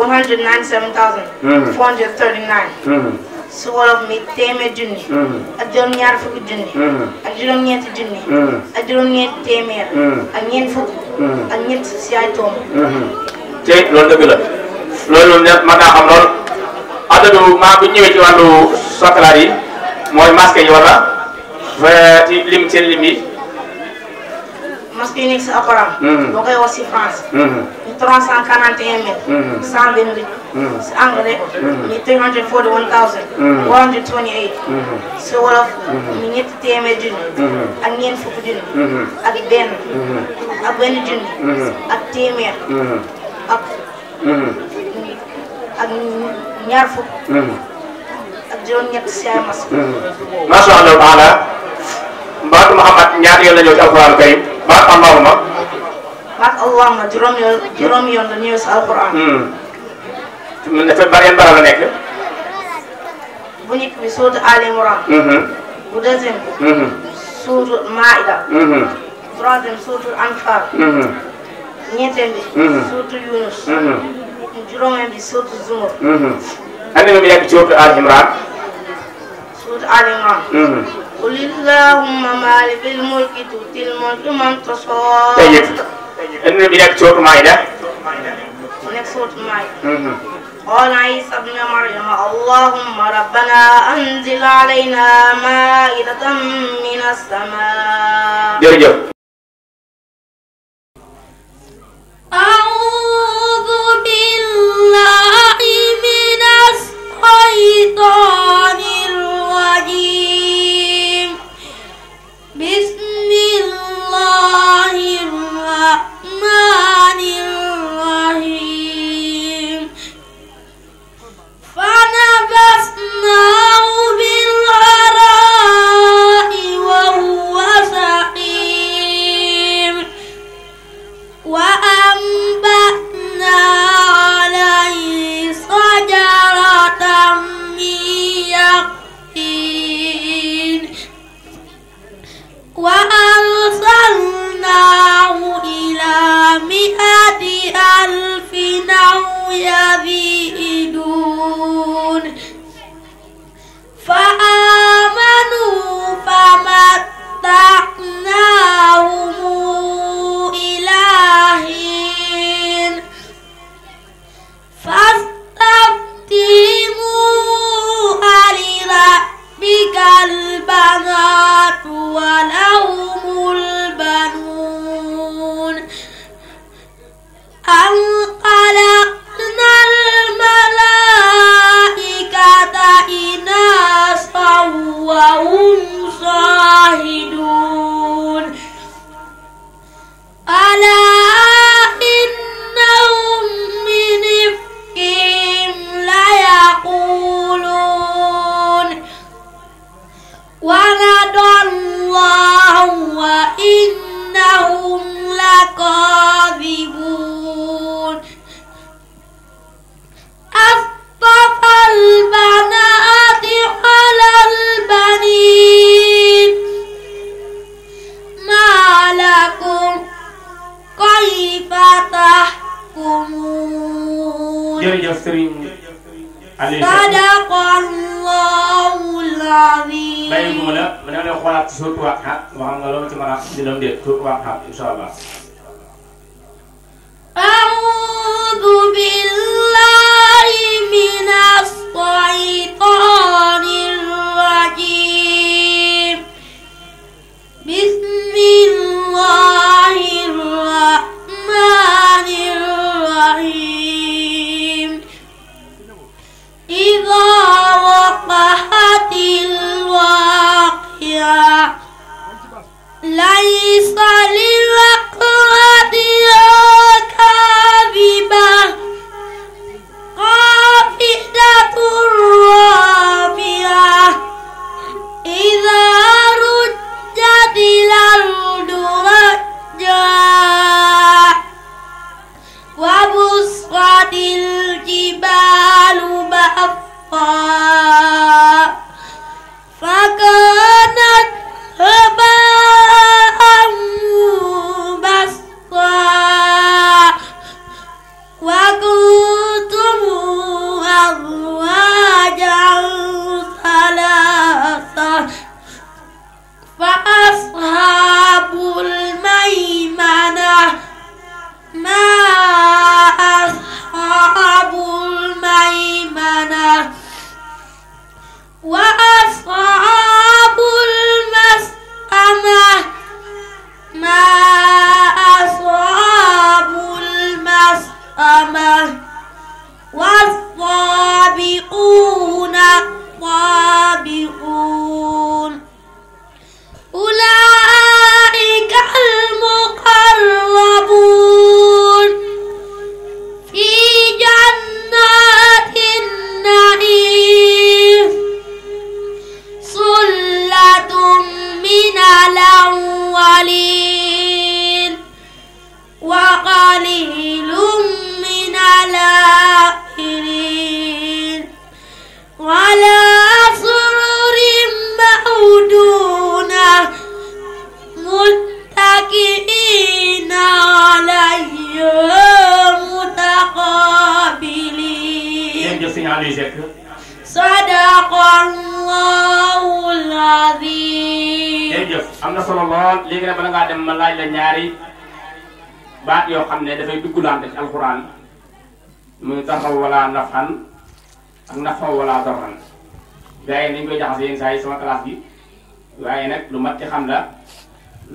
one hundred ninety seven thousand. four hundred thirty nine. su wolof mi téeméer junni. junni. ak juróom junni. ak juróom-ñeenti téeméer. ak ñeent fukk. ak ñeent si ay toom. te loolu dëgg la loolu noonu nag mën xam lool. adadu maa bu ñëwee ci wàllu sakalaat yi mooy masque yi wala. ci lim seen lim yi. mosque yi nekk si Akoram. boo hmm. koy wax si France. ñu hmm. 341 mètres. 128. Hmm. si anglais. ñu 341 128. si wolof. ñu ñetti téeméer junni. ak ñeent fukki junni. ak benn. ak benn junni. ak téeméer. ak. ak ñaar fukk. ak juróom-ñett si ay allah taala baatu Muhammad ñaata yoon la ñëw ci alquran karim baatu allahuma. baatu allahuma juróom yoon juróom yoon la ñëw si alquran. mën hmm. na fa nekk. bu njëkk bi suuratu Ali Imran. Hmm. bu deuxième bi. Hmm. suuratu Maïda. troisième suuratu Anfal. ñeenteel bi. suuratu Yunus. juróomeel bi ana mi yàgg ci sourate Al Imran sourate Al Imran mm-hmm. qul allahumma maalikal mulki tu'til mulka man tashaa tayyib ana mi yàgg ci sourate Maida mu nekk sourate Maida قال عيسى ابن مريم اللهم ربنا أنزل علينا مائدة من السماء جرجر. أعوذ بالله الشيطان الرجيم بسم الله الرحمن الرحيم فنبسناه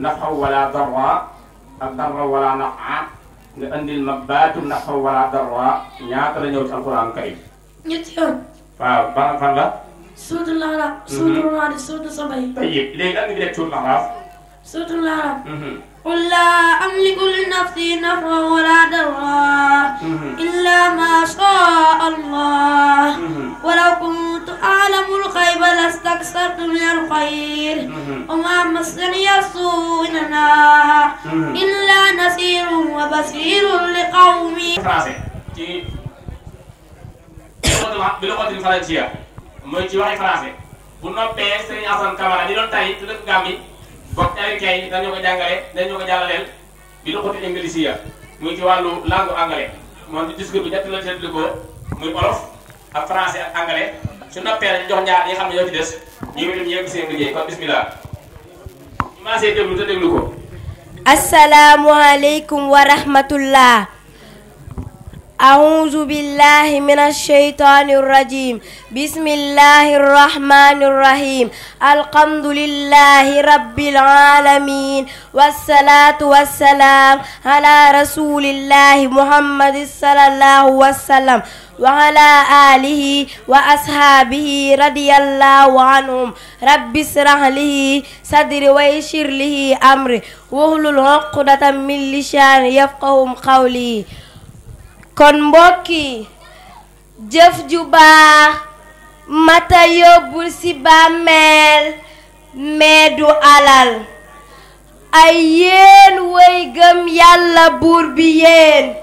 nafaw wala darra ak darra wala nafa nga andil ma baatu nafaw wala darra ñaata la ñëw ci alquran karim. ñetti yoon. waaw ban fan la. suutu mhm. laaraaf. suutu raadi suutu sabay. tayyib léegi andi bi rek suutu laaraaf. suutu laaraaf. قل لا أملك لنفسي نفعا ولا ضرا إلا ما شاء الله ولو كنت أعلم الخيب لاستكثرت من الخير وما مسني السوء إلا نصير وبصير لقوم بلغة الفرنسية mooy ci waxi français bu noppee sëriñ Assane Camara di doon tay te dëkk Gambie bokk américain yi dañoo ko jàngale dañoo ko jàllaleel bi lu xoti ingilisiya muy ci wàllu langue anglais moom ci discours bi ñett la seetlu ko muy olof ak français ak anglais su noppee rek jox ñaar ñi xam ne ñoo ci des ñu ngi leen yëngu seen liggéey kon bismillah ñu maa see déglu te déglu ko. asalaamualeykum wa rahmatullah. أعوذ بالله من الشيطان الرجيم بسم الله الرحمن الرحيم الحمد لله رب العالمين والصلاة والسلام على رسول الله محمد صلى الله وسلم وعلى آله وأصحابه رضي الله عنهم رب اشرح لي صدري ويسر لي أمري واحلل عقدة من لساني يفقهوا قولي kon mbokki jëf ju mata yóbbul ci bàmmeel mais alal ay yéen way gëm yàlla buur bi yéen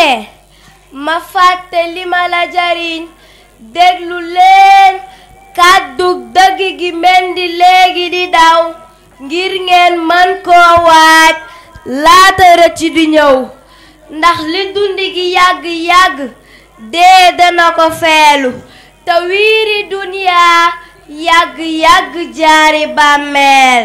ne ma fàtte li ma la jariñ déglu leen kàddu dëgg gi mendi léegi di daw ngir ngeen mën koo waaj laata rëcc di ñëw ndax li dundi gi yàgg-yàgg dee dana ko feelu te wiiri duniyaa yàgg-yàgg jaari bàmmeel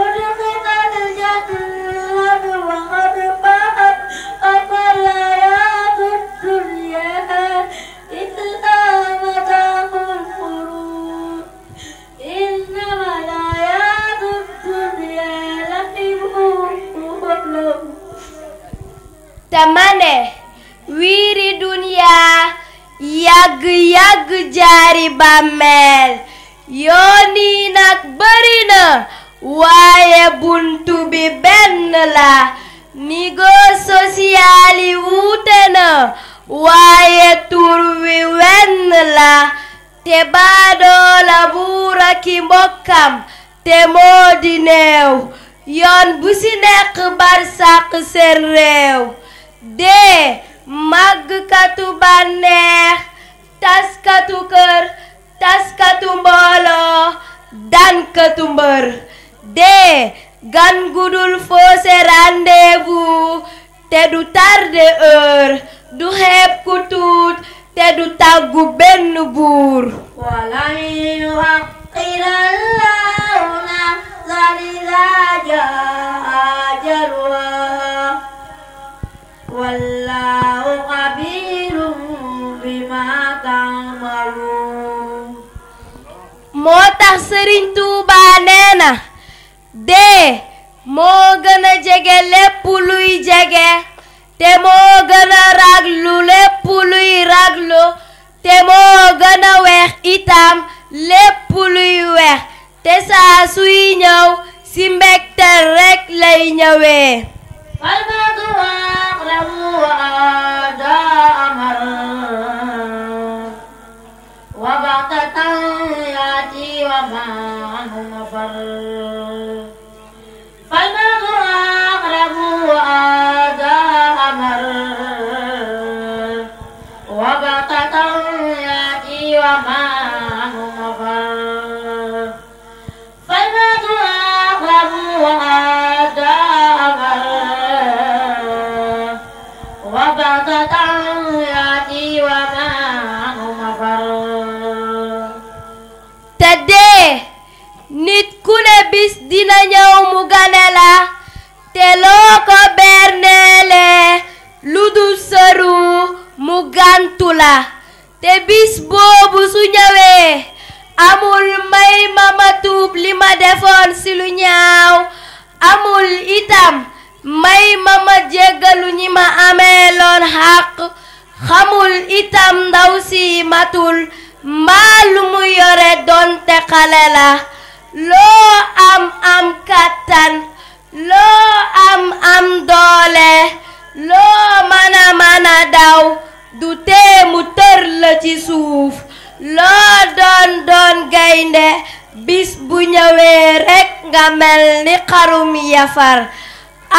dama ne wiiri duniyaa yàgg yàgg jaari bàmmeel yoon yi nag bari na waaye buntu bi benn la niveau social wuute na waaye tur wi wenn la te baadoola buur ak i mbokkam te moo di néew yoon bu si nekk barsàq seen réew dee màggkatu bànneex taskatu kër taskatu mbooloo dankatu mbër dee gan gudul fausse rendez-vous te du tarde heure du xeeb ku tuut te du tàggu benn buur والله خبير بما تعملون moo tax sëriñ Touba nee na dee moo gën a jege lépp luy jege te moo gën a raglu lépp luy raglu te moo gën a weex itam lépp luy weex te saa suy ñëw si mbégte rekk lay ñëwee. أقلموا وأداء مرار وبغتة يأتي وما عنه مفر فالمرء أقرب وأداء ku ne bis dina ñëw mu gane la te loo ko berneele lu dul sëru mu gàntu la te bis boobu su ñëwee amul may mama tuub li ma defoon ci lu ñaaw amul itam may mama jéggalu ñi ma amee loon xàq xamul itam ndaw si matul lu mu yore doonte xale la loo am am kàttan loo am am doole loo mën a mën a daw du tee tër la ci suuf loo doon doon gaynde bis bu ñëwee rekk nga mel ni xarum yafar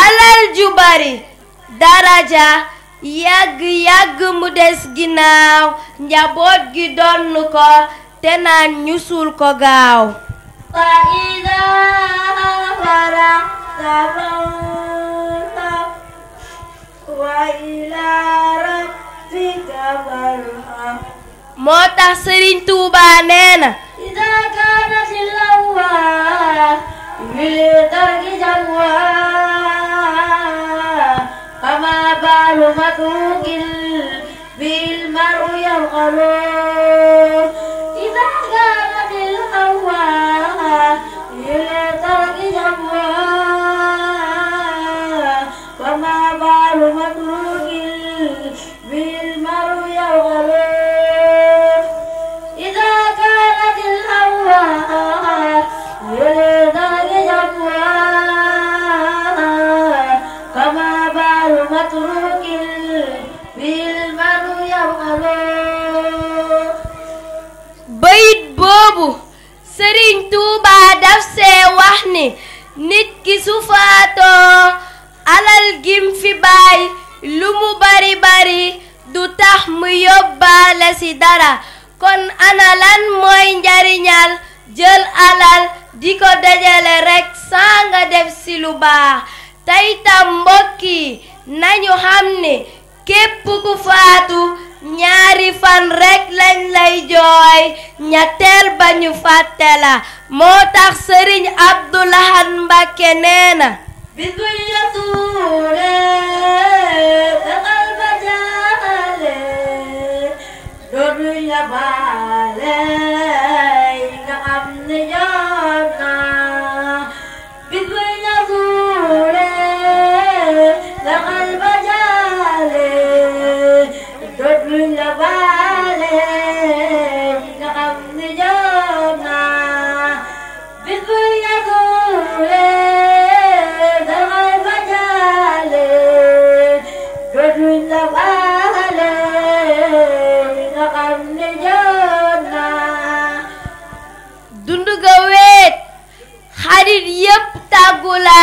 alal ju bari daraja yàgg-yàgg mu des ginnaaw njaboot gi donn ko te naan ñu suul ko gaaw فإذا فرغت فانصب وإلى ربك فارغب moo tax sëriñ Touba nee na إذا كانت الأوهام لترك جواها فما بال متروك بالمرء يبخل الله وما بال مكروه بالمرء يغلب إذا كانت الأموال يريد الجمال فما بال متروك بالمرء يغلب بيت بوبو Sëriñ Tuubaa daf see wax ni nit ki su faatoo alal gim fi bàyyi lu mu bari bari du tax mu yóbbaale ci dara kon ana mooy njariñal jël alal di ko dajale rekk saa nga def ci lu baax tey tam nañu xam ne képp ku faatu ñaari fan rekk lañ lay jooy ñetteel ba ñu fàtte la moo tax sëriñ Abdoulahan Mbakke nee na dootuñ la baale nga am ne ñoo xarit yépp tàggu la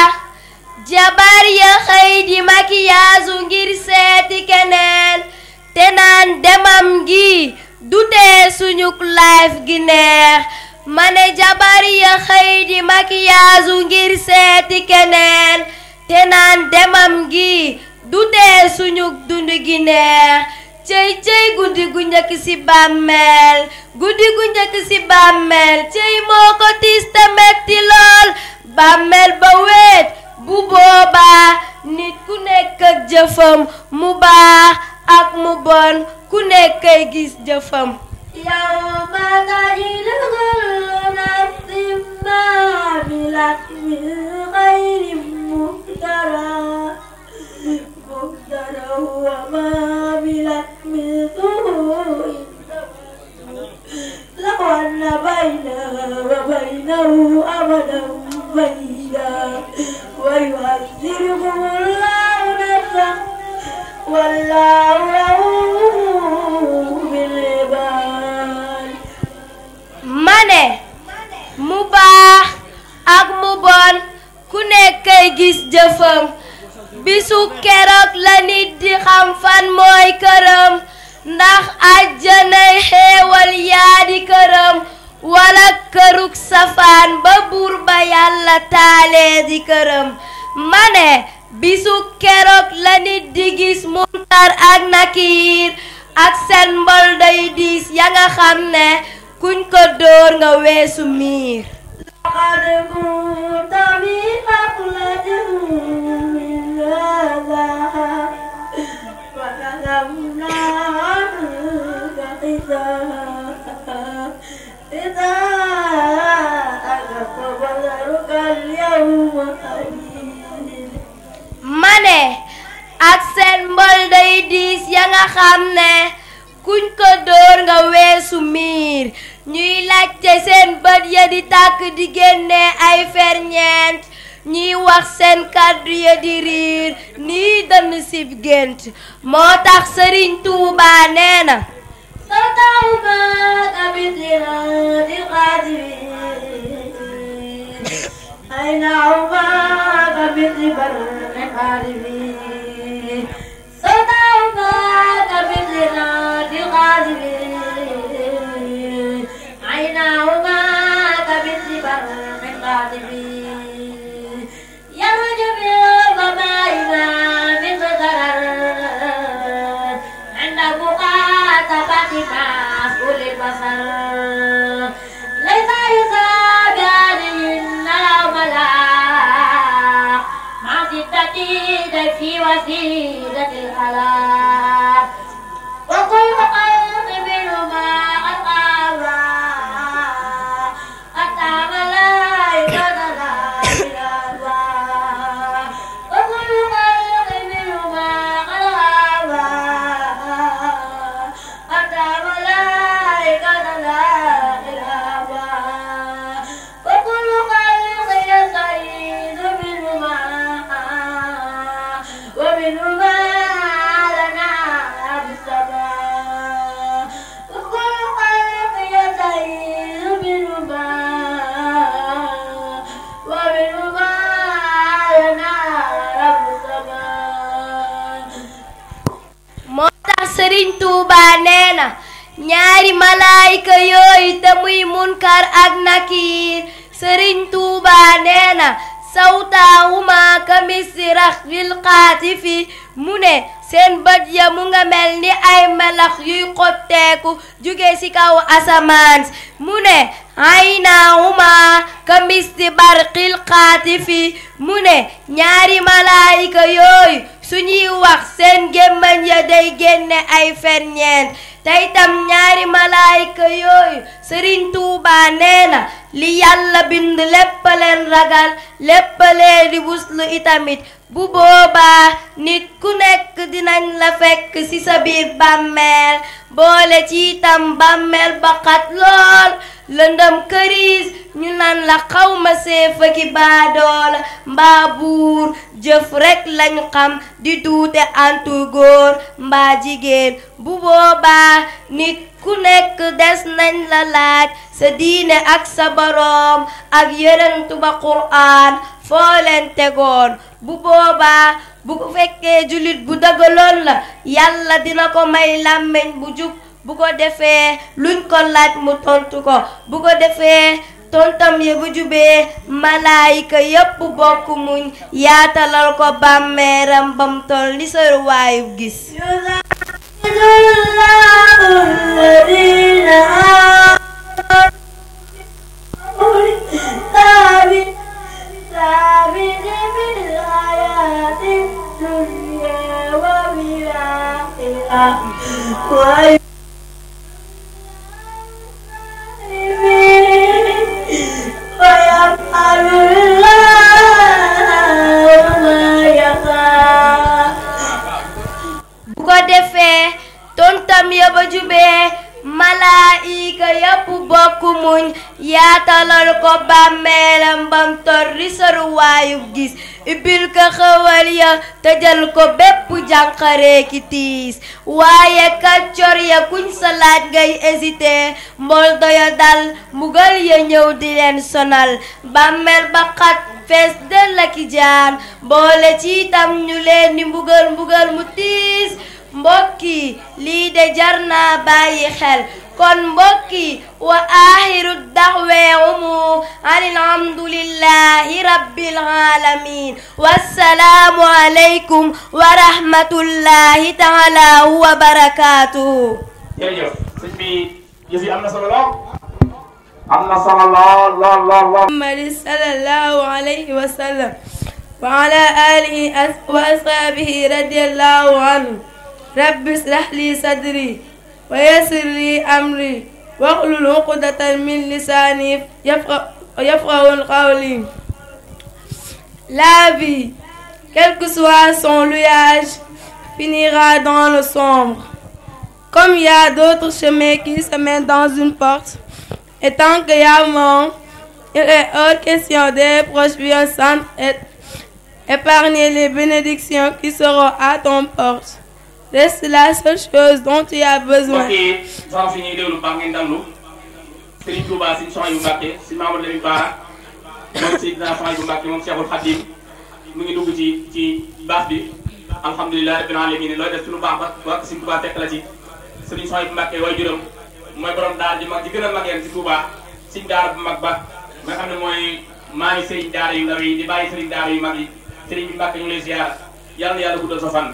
jabar ya xëy di makiyaasu ngir seeti keneen te naan demam gi dutee suñu life gi neex ma ne jabar ya xëy di makiyaasu ngir seeti keneen te naan demam gi dutee suñu dund gi neex cey cey guddi gu njëkk si bàmmeel guddi gu njëkk ci bàmmeel cey moo ko tiis te metti lool bàmmeel ba weet bu boobaa nit ku nekk ak jëfam mu baax ak mu bon ku nekk ay gis jëfam yawma tajidul ذكره وما عملت من سوء لو أن بينها وبينه أمدا بعيدا ويؤثرهم الله نفسا والله رؤوف بالعباد ma ne mu baax ak mu bon ku nekkay gis jëfam bisu keroog la nit di xam fan mooy këram ndax àjjanay xéewal yaa di këram wala kërug safaan ba buur ba yàlla taalee di këram ma ne bisu keroog la nit di gis munkar ak nakiir ak seen mbol day diis ya nga xam ne kuñ ko dóor nga weesu miir لها ak seen mbol day diis ya nga xam ne kuñ ko dóor nga weesu miir ñuy laajte seen bët ya di tàkk di génne ay ferñeent ñiy wax seen kàddu ya di riir nii dënn sib gént moo tax sëriñ Tuuba nee na ستعبد بجهاد القادمين أين عباد بجبر القادمين ستعبد بجهاد القادمين أين عباد بجبر القادمين من ضرر عند مكاتبة مسؤول البصر ليس يزاب عليهن ولا مع ستة في وسيلة الخلاف وكل قلب منهما sëriñ Touba ñaari malaayika yooyu te muy munkar ak nakiir sëriñ Touba nee na sawtaahuma xaati fi mu ne seen bët ya mu nga mel ni ay melax yuy xotteeku jóge ci kaw asamaan mu ne aynaahuma kamisi barqil xaati fi mu ne ñaari malaayika yooyu suñuy wax seen gémmañ ya day génne ay ferñeent te itam ñaari malaayika yooyu sëriñ Tuuba nee na li yàlla bind lépp leen ragal lépp leen di buslu itamit bu boobaa nit ku nekk dinañ la fekk ci sa biir bàmmeel boole ci itam bàmmeel ba xat lool lëndëm këriis ñu naan la xawma seefa ki baadoola mbaa buur jëf rekk lañu xam di duute antu góor mbaa jigéen bu boobaa nit ku nekk des nañ la laaj sa diine ak sa boroom ak yërëntu ba quraan foo leen tegoon bu boobaa bu fekkee jullit bu dëgaloon la yàlla dina ko may làmmiñ bu jub bu ko defee luñ ko laaj mu tontu ko bu ko defee tontam ya bu jubee malaayika yépp bokk muñ yaatalal ko bàmmeeram bam toll ni gis bu ko defee tontam ya ba jubee malaayika yépp bokk muñ yaatalal ko bàmmeelam bam torri soruwaayub gis ibil ko xëwal ya tëjal ko bépp jànqaree ki tiis waaye kaccor ya kuñ sa laaj ngay hésité mbool doya dal ya ñëw di leen sonal bàmmeel ba xat fees dël la ki boole ci itam ñu leen di mbugal mbugal mu tiis mbokk yi de jar naa bàyyi xel kon mbokk yi wa axiru daxweehumu alhamdulillahi rabbil alamin wa rahmatullahi taala wa barakaatuhu jërëjëf wa sallam rabbi ishrah li sadri wa yassir li amri wahlul uqdatan min lisani yafqahu qawli la vie quel que soit son louage finira dans le sombre comme il y a d'autres chemins qui se mènent dans une porte et tant qu'il y a monde il est hors question des proches sans épargner les bénédictions qui seront à ton porte reste la seule chose dont tu as besoin. ok soxna si ñuy déglu baax ngeen dallu Serigne Touba si soxna yu Mbàkke si Mamadou Lamine Bara moom si dina soxna yu Mbàkke moom Cheikhul Khadim mu ngi dugg ci ci baax bi alhamdulilah rabbil alamin looy def suñu baax ba ba Serigne Touba fekk la ci Serigne soxna yu Mbàkke way juróom mooy borom daara ji mag ji gën a mag yéen si Touba Serigne daara bu mag ba nga xam ne mooy maa ngi Serigne daara yu ndaw yi di bàyyi Serigne daara yu mag yi Serigne bi Mbàkke ñu ngi lay ziar yàlla na yàlla guddal sa fan.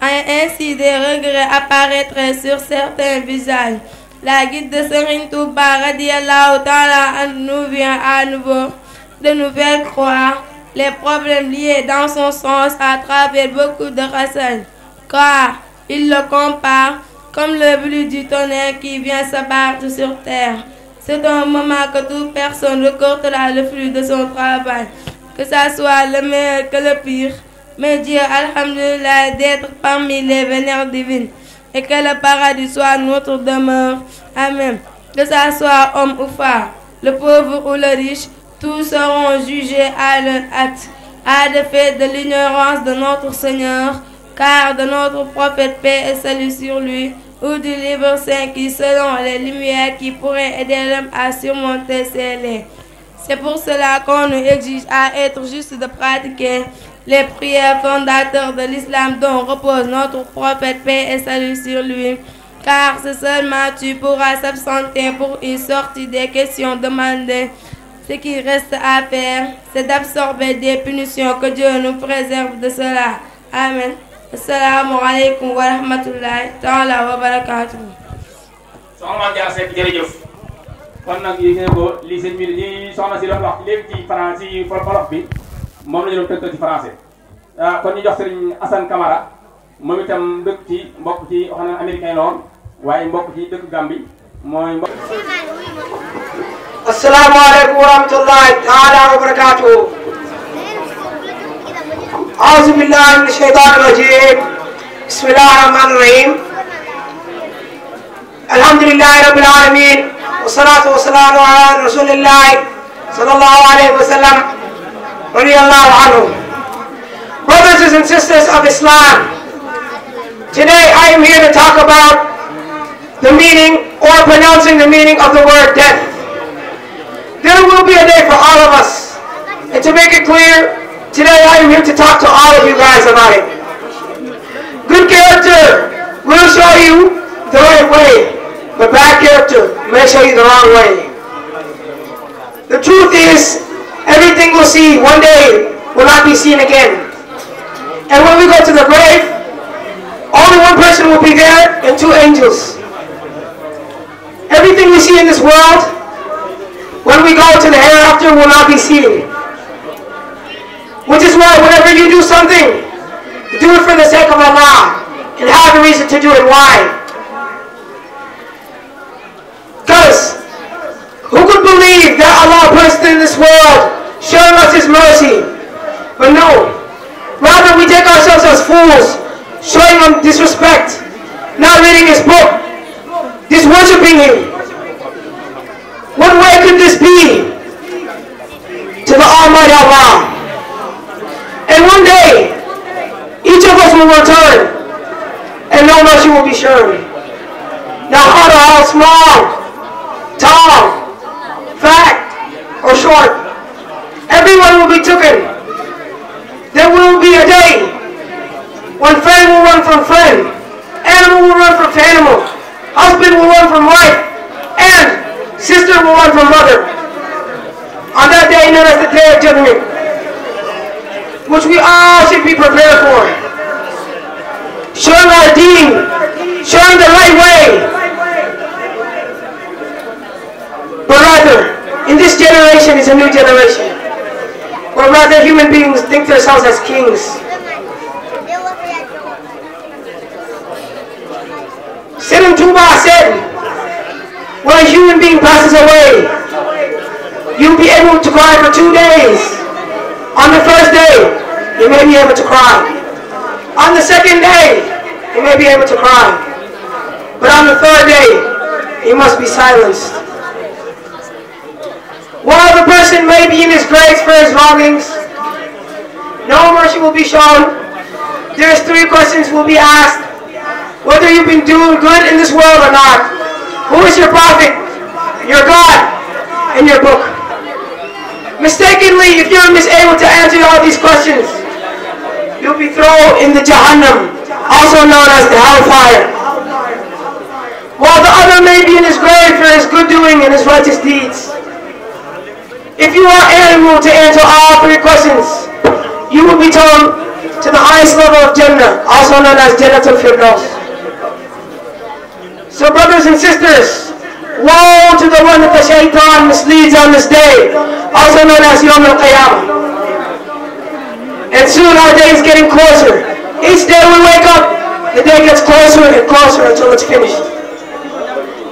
Ainsi, des regrets apparaîtraient sur certains visages. La guide de Serigne Touba radiallahu ta'ala nous vient à nouveau de nous faire croire les problèmes liés dans son sens à travers beaucoup de racines, car il le compare comme le bruit du tonnerre qui vient s'abattre sur terre. C'est un moment que toute personne recortera le fruit de son travail, que ça soit le meilleur que le pire. Mais Dieu, Alhamdulillah, d'être parmi les vénères divines et que le paradis soit notre demeure. Amen. Que ça soit homme ou femme, le pauvre ou le riche, tous seront jugés à leur hâte, à l'effet de l'ignorance de notre Seigneur, car de notre prophète paix et salut sur lui, ou du livre saint qui selon les lumières qui pourraient aider l'homme à surmonter ses laits. C'est pour cela qu'on nous exige à être juste de pratiquer Les prières fondateurs de l'islam dont repose notre prophète, paix et salut sur lui. Car c'est seulement tu pourras s'absenter pour une sortie des questions demandées. Ce qui reste à faire, c'est d'absorber des punitions que Dieu nous préserve de cela. Amen. Assalamu aleykum wa rahmatullahi taala moom la ñu doon tënkal ci français ah kon ñu jox sëriñ Assane Camara moom itam dëkk ci mbokk ci wax na américain la woon waaye mbokk ci dëkk Gambie mooy mbokk. asalaamaaleykum wa rahmatullahi taala wa barakaatu. أعوذ بالله من الشيطان الرجيم بسم الله الرحمن الرحيم الحمد لله رب العالمين والصلاة والسلام على رسول الله صلى الله عليه وسلم radiallahu anhu. Brothers and sisters of Islam, today I am here to talk about the meaning or pronouncing the meaning of the word death. There will be a day for all of us. And to make it clear, today I am here to talk to all of you guys about it. Good character will show you the right way, but bad character may show you the wrong way. The truth is, Everything we'll see one day will not be seen again. And when we go to the grave, only one person will be there and two angels. Everything we see in this world, when we go to the hereafter, will not be seen. Which is why whenever you do something, do it for the sake of Allah and have a reason to do it. Why? Because who could believe that Allah put us in this world from disrespect, not reading his book, disworshiping him. What way could this be to the Almighty Allah? And one day, each of us will return, and no mercy will be shown. No matter how small, tall, fat, or short, everyone will be taken. There will be a day When friend will run from friend, animal will run from animal, husband will run from wife, and sister will run from mother. On that day known as the Day of which we all should be prepared for. Showing our deed, showing the right way. But rather, in this generation is a new generation. Where rather human beings think themselves as kings. Sitting Tuba said, when a human being passes away, you'll be able to cry for two days. On the first day, you may be able to cry. But on the third day, you must be silenced. While the person may be in his grave for his wrongings, no mercy will be shown. There's three questions will be asked whether you've been doing good in this world or not. Who is your prophet? Your God and your book. Mistakenly, if you're misable to answer all these questions, you'll be thrown in the Jahannam, also known as the Hellfire. While the other may be in his grave for his good doing and his righteous deeds. If you are able to answer all three questions, you will be told to the highest level of Jannah, also known as Jannatul Firdaus. So brothers and sisters, woe to the one that the shaitan misleads on this day, also known as Yom Al-Qiyamah. And soon our day is getting closer. Each day we wake up, the day gets closer and closer until it's finished.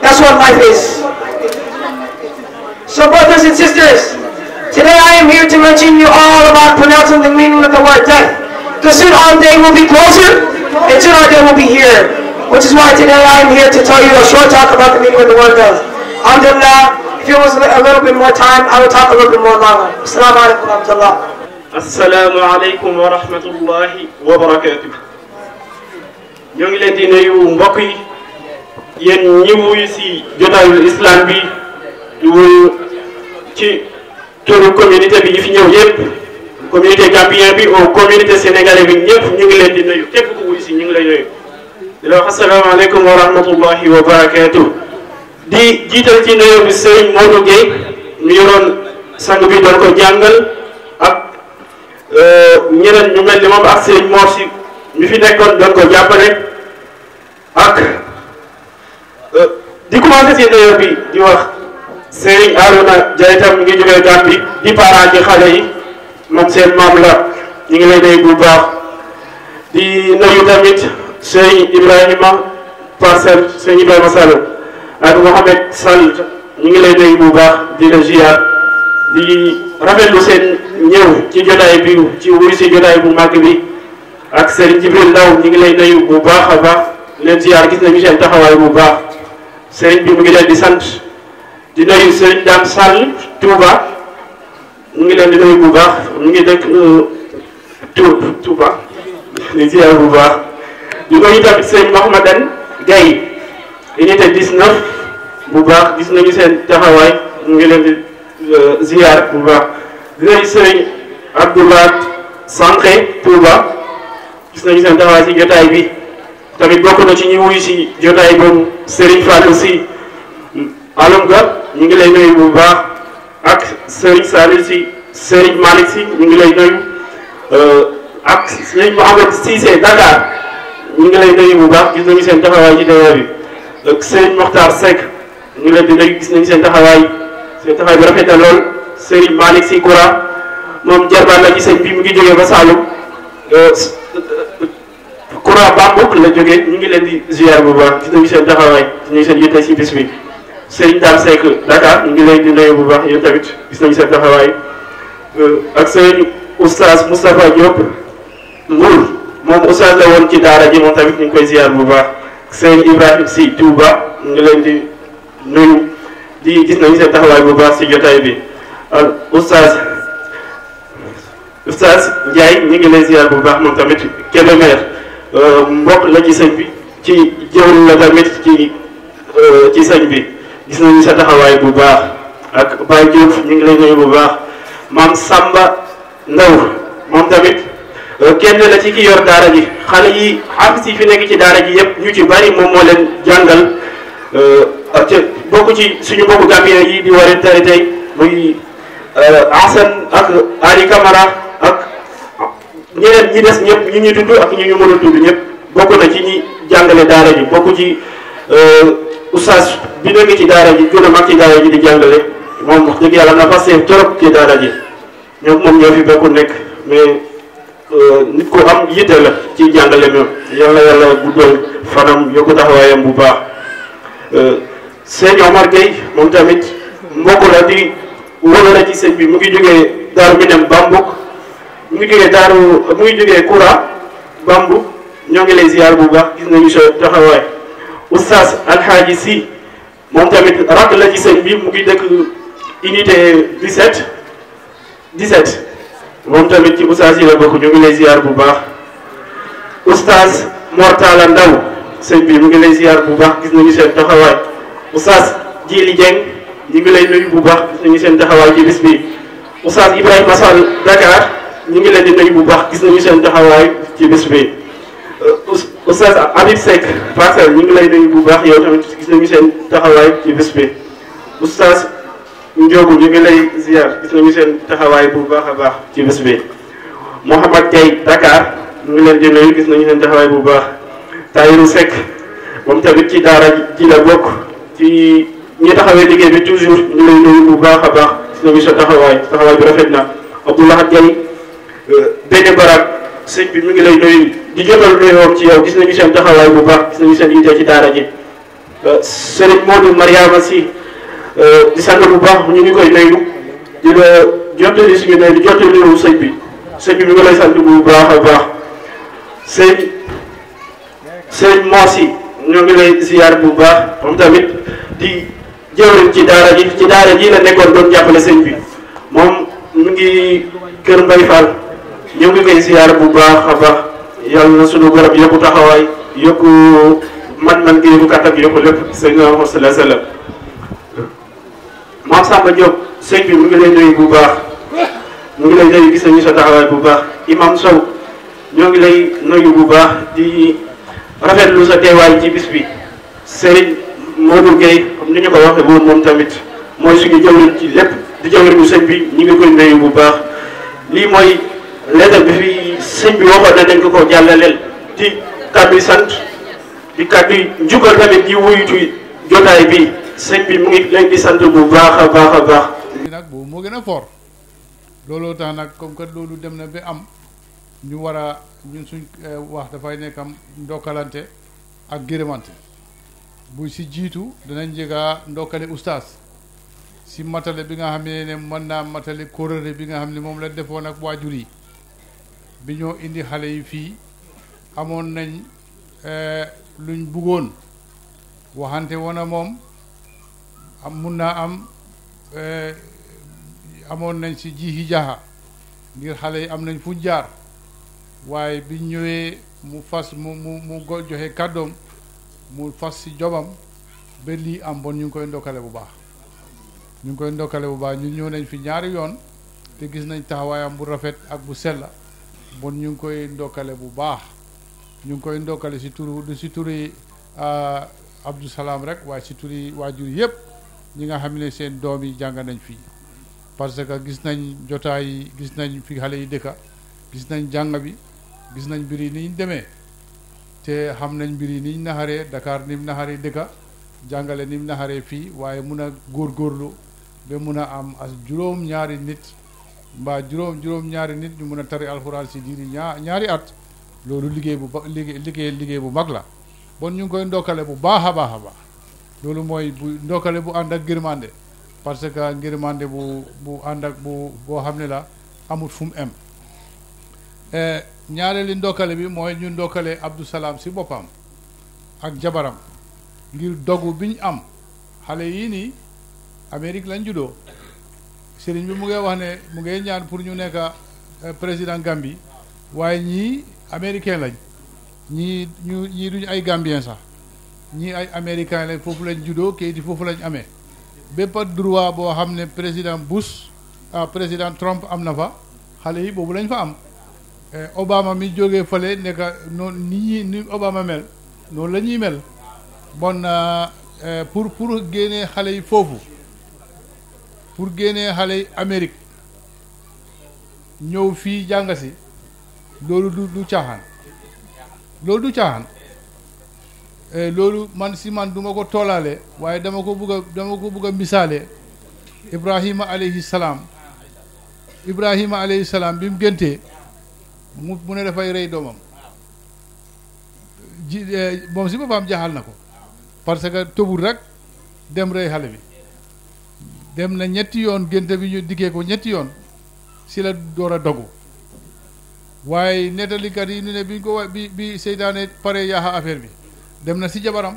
That's what life is. So brothers and sisters, today I am here to mention you all about pronouncing the meaning of the word death. Because soon our day will be closer, and soon our day will be here. Which is why today I am here to tell you a short talk about the meaning of the word does. Alhamdulillah, if it was a little bit more time, I would talk a little bit more longer. Assalamu alaikum wa rahmatullah. Assalamu alaikum wa rahmatullahi wa barakatuh. ñoo ngi leen di nuyu mbokk yi yéen ñi wuyu si jotaayul islam bi di wuyu ci turu communauté bi ñu fi ñëw yépp communauté gambien bi au communauté sénégalais bi ñëpp ñu ngi leen di nuyu képp ku wuyu si ñu ngi lay nuyu. di la wax asalaamaaleykum wa rahmatullahi wa di jiital ci nuyoo bi sëriñ Modou Guèye mu yoroon sang bi doon ko jàngal ak euh, ñeneen ñu mel ni moom ak sëriñ Mor si ñu fi nekkoon doon ko jàppale ak euh, di commencé ci nuyoo bi di wax sëriñ Arouna Dia itam ngi jógee Gambie di parent ci xale yi moom seen maam la ñu ngi lay nuyu bu baax di nuyu tamit. sëñ Ibrahima Parcelles sëñ Ibrahima Sall ak Mohamed Sall ñu ngi lay nuyu bu baax di la ziar di rafetlu seen ñëw ci jotaay bi ci wuyu si jotaay bu mag bi ak sëñ Jibril Ndaw ñu ngi lay nuyu bu baax a baax leen ziar gis nañu seen taxawaay bu baax sëñ bi mu ngi leen di sant di nuyu sëñ Dame Sall Touba mu ngi leen di bu baax mu ngi dëkk euh, Touba di ziar bu baax. ñu koy itam sëñ Mahmadan Gaye unité 19 bu baax gis nañu seen taxawaay mu ngi leen di euh, ziar bu baax dinañ sëñ gis nañu seen taxawaay si jotaay bi tamit bokk na ci ñu wuyu si jotaay boobu Serigne Fallou si alum ga ñu ngi lay nuyu bu baax ak Serigne Saliou si Serigne Malick si ñu ngi lay nuyu euh, ak Serigne Mouhamed Cissé Dakar ñu ngi lay nuyu baax gis nañu seen taxawaay ci teewaay bi ak Serigne Mokhtar Seck ñu ngi leen di nuyu gis nañu seen taxawaay seen taxawaay bi rafet na lool Serigne Malick Sy Koura moom jarbaan la mu ngi jógee ba Saloum euh, euh, Koura Bambou la jógee ñu ngi leen di ziar bu baax gis nañu seen taxawaay gis nañu seen yëte si bis bi Serigne Tall Seck Dakar ñu ngi leen di nuyu bu baax yéen tamit gis nañu seen taxawaay euh, ak Serigne Oustaz Moustapha Diop Mbour. moom ustaas la woon ci daara ji moom tamit ñu ngi koy ziar bu baax seen Ibrahima si Touba ñu ngi leen di nuyu di gis nañu seen taxawaay bu baax si jotaay bi ustaas ustaas Ndiaye ñu ngi lay ziar bu baax moom tamit Kébémer euh, mbokk la ci sëñ bi ci jëwriñ la tamit ci euh, ci sëñ bi gis nañu sa taxawaay bu baax ak Baye Diouf ñu ngi lay nuyu bu baax maam Samba Ndaw moom tamit. kenn la ci ki yor daara ji xale yi am si fi nekk ci daara ji yëpp ñu ci bari moom moo leen jàngal te euh, bokk ci suñu mbokku gambien yi di waree tari tey muy euh, Assane ak Ali Camara ak ñeneen ñi des ñëpp ñu ñu tudd ak ñi ñu mën a tudd ñëpp bokk na ci ñi jàngale daara ji bokk ci euh, oustaz bi nekk ci daara ji gën a mag ci daara ji di jàngale moom wax dëgg yàlla am na passé trop ci daara ji ñoom moom ñoo fi bokk nekk mais. Euh, nit ko am yitte la ci jàngale mi yàlla yàlla guddal fanam yokku taxawaayam bu baax euh, sëñ Omar Gueye moom tamit mbokk la di wala la ci sëñ bi mu ngi jógee daaru mi dem Bambuk mu ngi jógee daaru mu ngi jógee Koura Bambuk ñoo ngi lay ziar bu baax gis nañu sa taxawaay oustaz alhaaji si moom tamit rakk la ci sëñ bi mu ngi dëkk unité 17 17 moom tamit ci oustaz yi la bokk ñu ngi lay ziar bu baax oustaz Mortala Ndaw sëñ bi mu ngi lay ziar bu baax gis nañu seen taxawaay oustaz Jili Dieng ñu ngi lay nuyu bu baax gis nañu seen taxawaay ci bis bi oustaz Ibrahima Sall Dakar ñu ngi leen di nuyu bu baax gis nañu seen taxawaay ci bis bi euh, oustaz Habib Seck ñu ngi lay nuyu bu baax yow tamit gis nañu seen taxawaay ci bis bi Ndiogou ñu ngi lay ziar gis nañu seen taxawaay bu baax a baax ci bés bi Mouhamad Kay Dakar ñu ngi leen gis nañu seen taxawaay bu baax Tahirou Seck moom tamit ci daara ji la bokk ci ñi taxawee liggéey bi toujours ñu lay nuyu bu baax a baax gis nañu seen taxawaay taxawaay bi rafet na Abdoulaye Ndiaye euh, benn barab sëñ bi mi ngi lay ci yow gis nañu seen taxawaay bu baax gis nañu seen yitte ci daara ji euh, Serigne Modou Mariama Sy Euh, di sant bu baax ñu ngi koy naylu di la jottali suñu naylu jottali wu sëñ bi sëñ bi ñu ngi lay sant bu baax a baax sëñ sëñ Mor yi ñoo ngi lay ziar bu baax moom tamit di jëwriñ ci daara ji ci daara ji la nekkoon doon jàppale sëñ bi moom mu ngi kër Mbay Fall ñoo ngi koy ziar bu baax a baax yàlla na suñu garab yokku taxawaay yokku man-man gi yokku kàttan gi yokku lépp sëñ Mor sallallahu alayhi wa sallam Mame Samba Diop sëñ bi mu ngi lay nuyu bu baax mu ngi lay nuyu gis nañu sa taxawaay bu baax Imam Sow ñoo ngi lay nuyu bu baax di rafetlu sa teewaay ci bis bi Serigne Modou Gueye comme ni ñu ko waxee woon moom tamit mooy suñu jawriñ ci lépp di jawriñu sëñ bi ñu ngi koy bu baax lii mooy lettre bi fi sëñ bi dañ ko ko jàllaleel di kàddu sant di kàddu njukkal tamit di wuyutu jotaay bi sëñ bu baax a boobu moo gën a fort looloo tax nag comme loolu dem na ba am ñu war a ñun suñ eh, wax dafay nekk am ndokkalante ak gërëmante bu si jiitu danañ njëkka ndokkale ustaas si matale bi nga xam ne mën naa matale kóorare bi nga xam ne moom la defoon nag waajur yi bi ñoo indi xale yi fii amoon nañ eh, luñ buggoon waxante woon a moom am mun naa am eh, amoon nañ si jiixi jaaxa ngir xale yi am nañ fu jaar waaye bi ñëwee mu fas mu mu mu joxe kàddoom mu fas si jobam ba lii am bon ñu ngi koy ndokkale bu baax ñu ngi koy ndokkale bu baax ñun ñëw nañ fi ñaari yoon te gis nañ taxawaayam bu rafet ak bu sella bon ñu ngi koy ndokkale bu baax ñu ngi koy ndokkale si turu du si turi ah, Abdou Salaam rek waaye si turi waajur yëpp ñi nga xam ne seen doom yi jàng nañ fii parce que gis nañ jotaay yi gis nañ fi xale yi dëkka gis nañ jàng bi gis nañ mbir yi ni demee te xam nañ mbir yi ni ñu naxaree dakaar ni mu naxaree dëkka jàngale ni mu naxaree fii waaye mun a góor góorlu ba mun a am as juróom-ñaari nit mbaa juróom-juróom-ñaari nit ñu mun a tari alxuraan si diiri ñaar ñaari at loolu liggéey bu ba liggéey liggéey bu mag la bon ñu ngi koy ndokkale bu baax a baax a baax. loolu mooy bu ndokkale bu ànd ak ngirmande parce que ngirmande bu bu ànd ak bu boo xam ne la amut fu mu em e, ñaareeli ndokkale bi mooy ñu ndokkale Abdou Salaam si boppam ak jabaram ngir dogu biñ am xale yii nii Amérique lañ juddoo sëriñ bi mu ngay wax ne mu ngay ñaan pour ñu nekk e, président Gambie waaye ñii américain lañ ñii ñu ñii duñu ay Gambien sax ñii ay américain lañ foofu lañ juddoo kayit yi foofu lañu amee bépp droit boo xam ne président Bush ah, président Trump am na fa xale yi boobu lañ fa am eh, Obama mi jógee fële nekk noonu ni ñi ni Obama mel noonu la ñuy mel bon ah, eh, pour pour génnee xale yi foofu pour génnee xale yi Amérique ñëw fii jàng si loolu du du caaxaan loolu du caaxaan Eh, loolu man si man duma ko toolaale waaye dama ko bugg a dama ko bugg a misaale Ibrahima aleyhi salaam Ibrahima aleyhi salaam bi mu géntee mu mu ne dafay rey doomam ji eh, moom si boppam jaxal na ko parce que tëbul rek dem rey xale bi dem na ñetti yoon génte bi ñu diggee ko ñetti yoon si la door a dogu waaye nettalikat yi nu ne bi ñu ko wa bi bi seytaane pare yaaxa affaire bi dem na si jabaram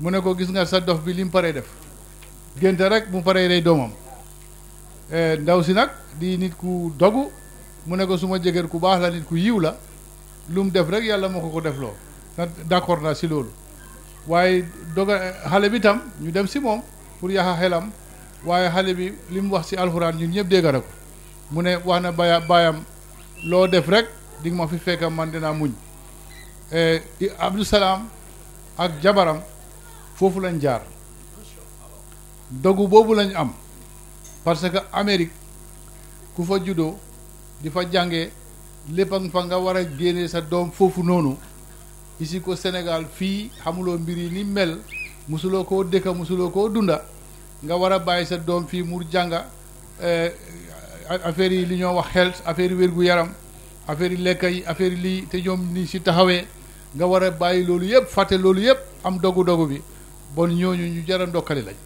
mu ne ko gis nga sa dof bi li paree def génte rek mu paree rey doomam eh, ndaw si nag di nit ku dogu mu ne ko suma jëkkër ku baax la nit ku yiw la lu mu def rek yàlla mu ko ko def loo na d'accord naa si loolu waaye doga xale bi tam ñu dem si moom pour yaxa xelam waaye xale bi li mu wax si alxuraan ñun ñëpp dégg na ko mu ne wax na baya baayam loo def rek di ma fi fekka man dinaa muñ eh, Abdou ak jabaram foofu lañ jaar dogu boobu lañ am parce que Amérique ku fa juddoo di fa jànge lépp ak fa nga war a génne sa doom foofu noonu ici ko Sénégal fii xamuloo mbir yi ni mel musuloo koo dëkka mësuloo koo dunda nga war a bàyyi sa doom fii mu jànga eh, affaire yi li ñoo wax health affaire yi wér-gu-yaram affaire yi lekk yi affaire li te ñoom ni si taxawee nga war a bàyyi loolu yëpp fàtte loolu yëpp am dogu dogu bi bon ñooñu ñu jar a ndokkale lañ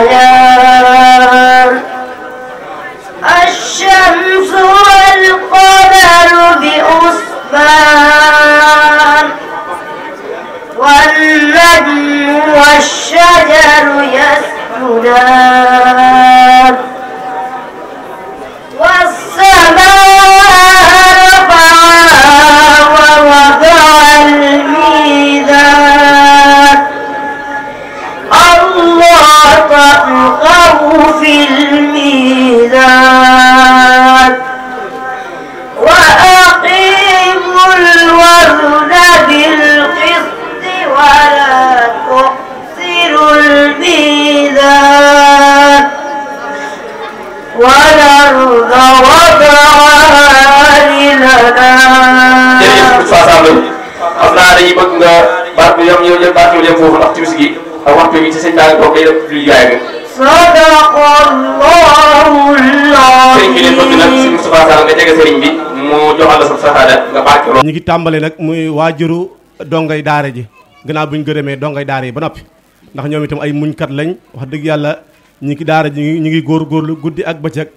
والقمر الشمس والقمر بأسبان والنجم والشجر يسجدان jërëjëf saa saa loolu bi yem foofu nag si Moustapha Sall nga jege sëriñ bi mu joxal la sa saxaada nga bàcc lool. ñu ngi tàmbali nag muy waajuru dongay daara ji gannaaw bu ñu gërëmee dongay daara yi ba noppi ndax ñoom itam ay muñkat lañ wax dëgg yàlla ñi ngi daara ji ñu ngi góorgóorlu guddi ak bëccëg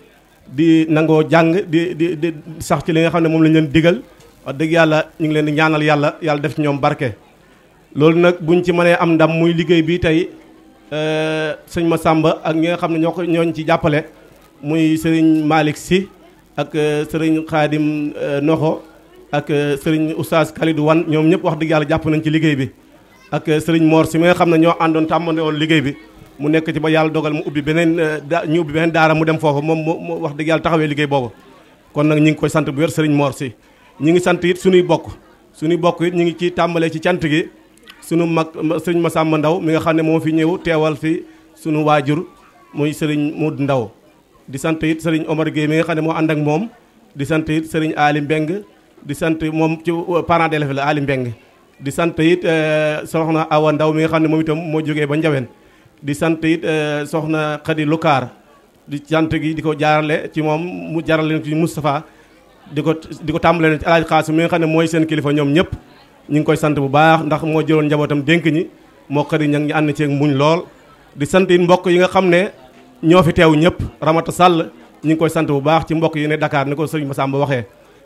di nangoo jàng di di di sax ci li nga xam ne moom lañ leen digal wax dëgg yàlla ñu ngi leen di ñaanal yàlla yàlla def ci ñoom barke. loolu nag buñ ci mënee am ndam muy liggéey bi tey euh, sëñ sàmba ak ñi nga xam ne ñoo ko ñooñ ci jàppale muy sëriñ Malick si ak euh, sëriñ Khadim euh, Noxo ak sëriñ Oustaz Khalidou Wan ñoom ñëpp wax dëgg yàlla jàpp nañ ci liggéey bi ak sëriñ moor si mi xam ne ñoo àndoon tàmmande woon liggéey bi. mu nekk ci ba yàlla dogal mu ubbi beneen euh, ñu ubbi beneen daara mu dem foofu moom mu wax dëgg yàlla taxawee liggéey boobu kon nag ñu ngi koy sant bu wér sëriñ Mor si ñu ngi sant it suñuy bokk suñuy bokk it ñu ngi ci tàmbalee ci cant gi sunu mag sëriñ sàmm Ndaw mi nga xam ne moo fi ñëw teewal fi sunu waajur muy sëriñ Mood Ndaw di sant it sëriñ Omar Gueye mi nga xam ne moo ànd ak moom di sant it sëriñ Ali Mbeng di sant moom ci euh, parent d'élève la Ali di sant it euh, soxna Awa Ndaw mi nga xam ne moom itam moo jógee ba Njawen di sant it eh, soxna lu kaar di sant gi di ko jaarale ci moom mu jaarale leen ci Moustapha di ko di ko tàmbale tàmbalee ci Alaaji Xaasim mi nga xam ne mooy seen kilifa ñoom ñëpp ñu ngi koy sant bu baax ndax moo jëloon njabootam dénk ñi moo yi ña ñi ànd ceeg muñ lool di sant it mbokk yi nga xam ne ñoo fi teew ñëpp Ramata Sall ñu ngi koy sant bu baax ci mbokk yi ne dakaar ni ko sëriñ Massamba waxee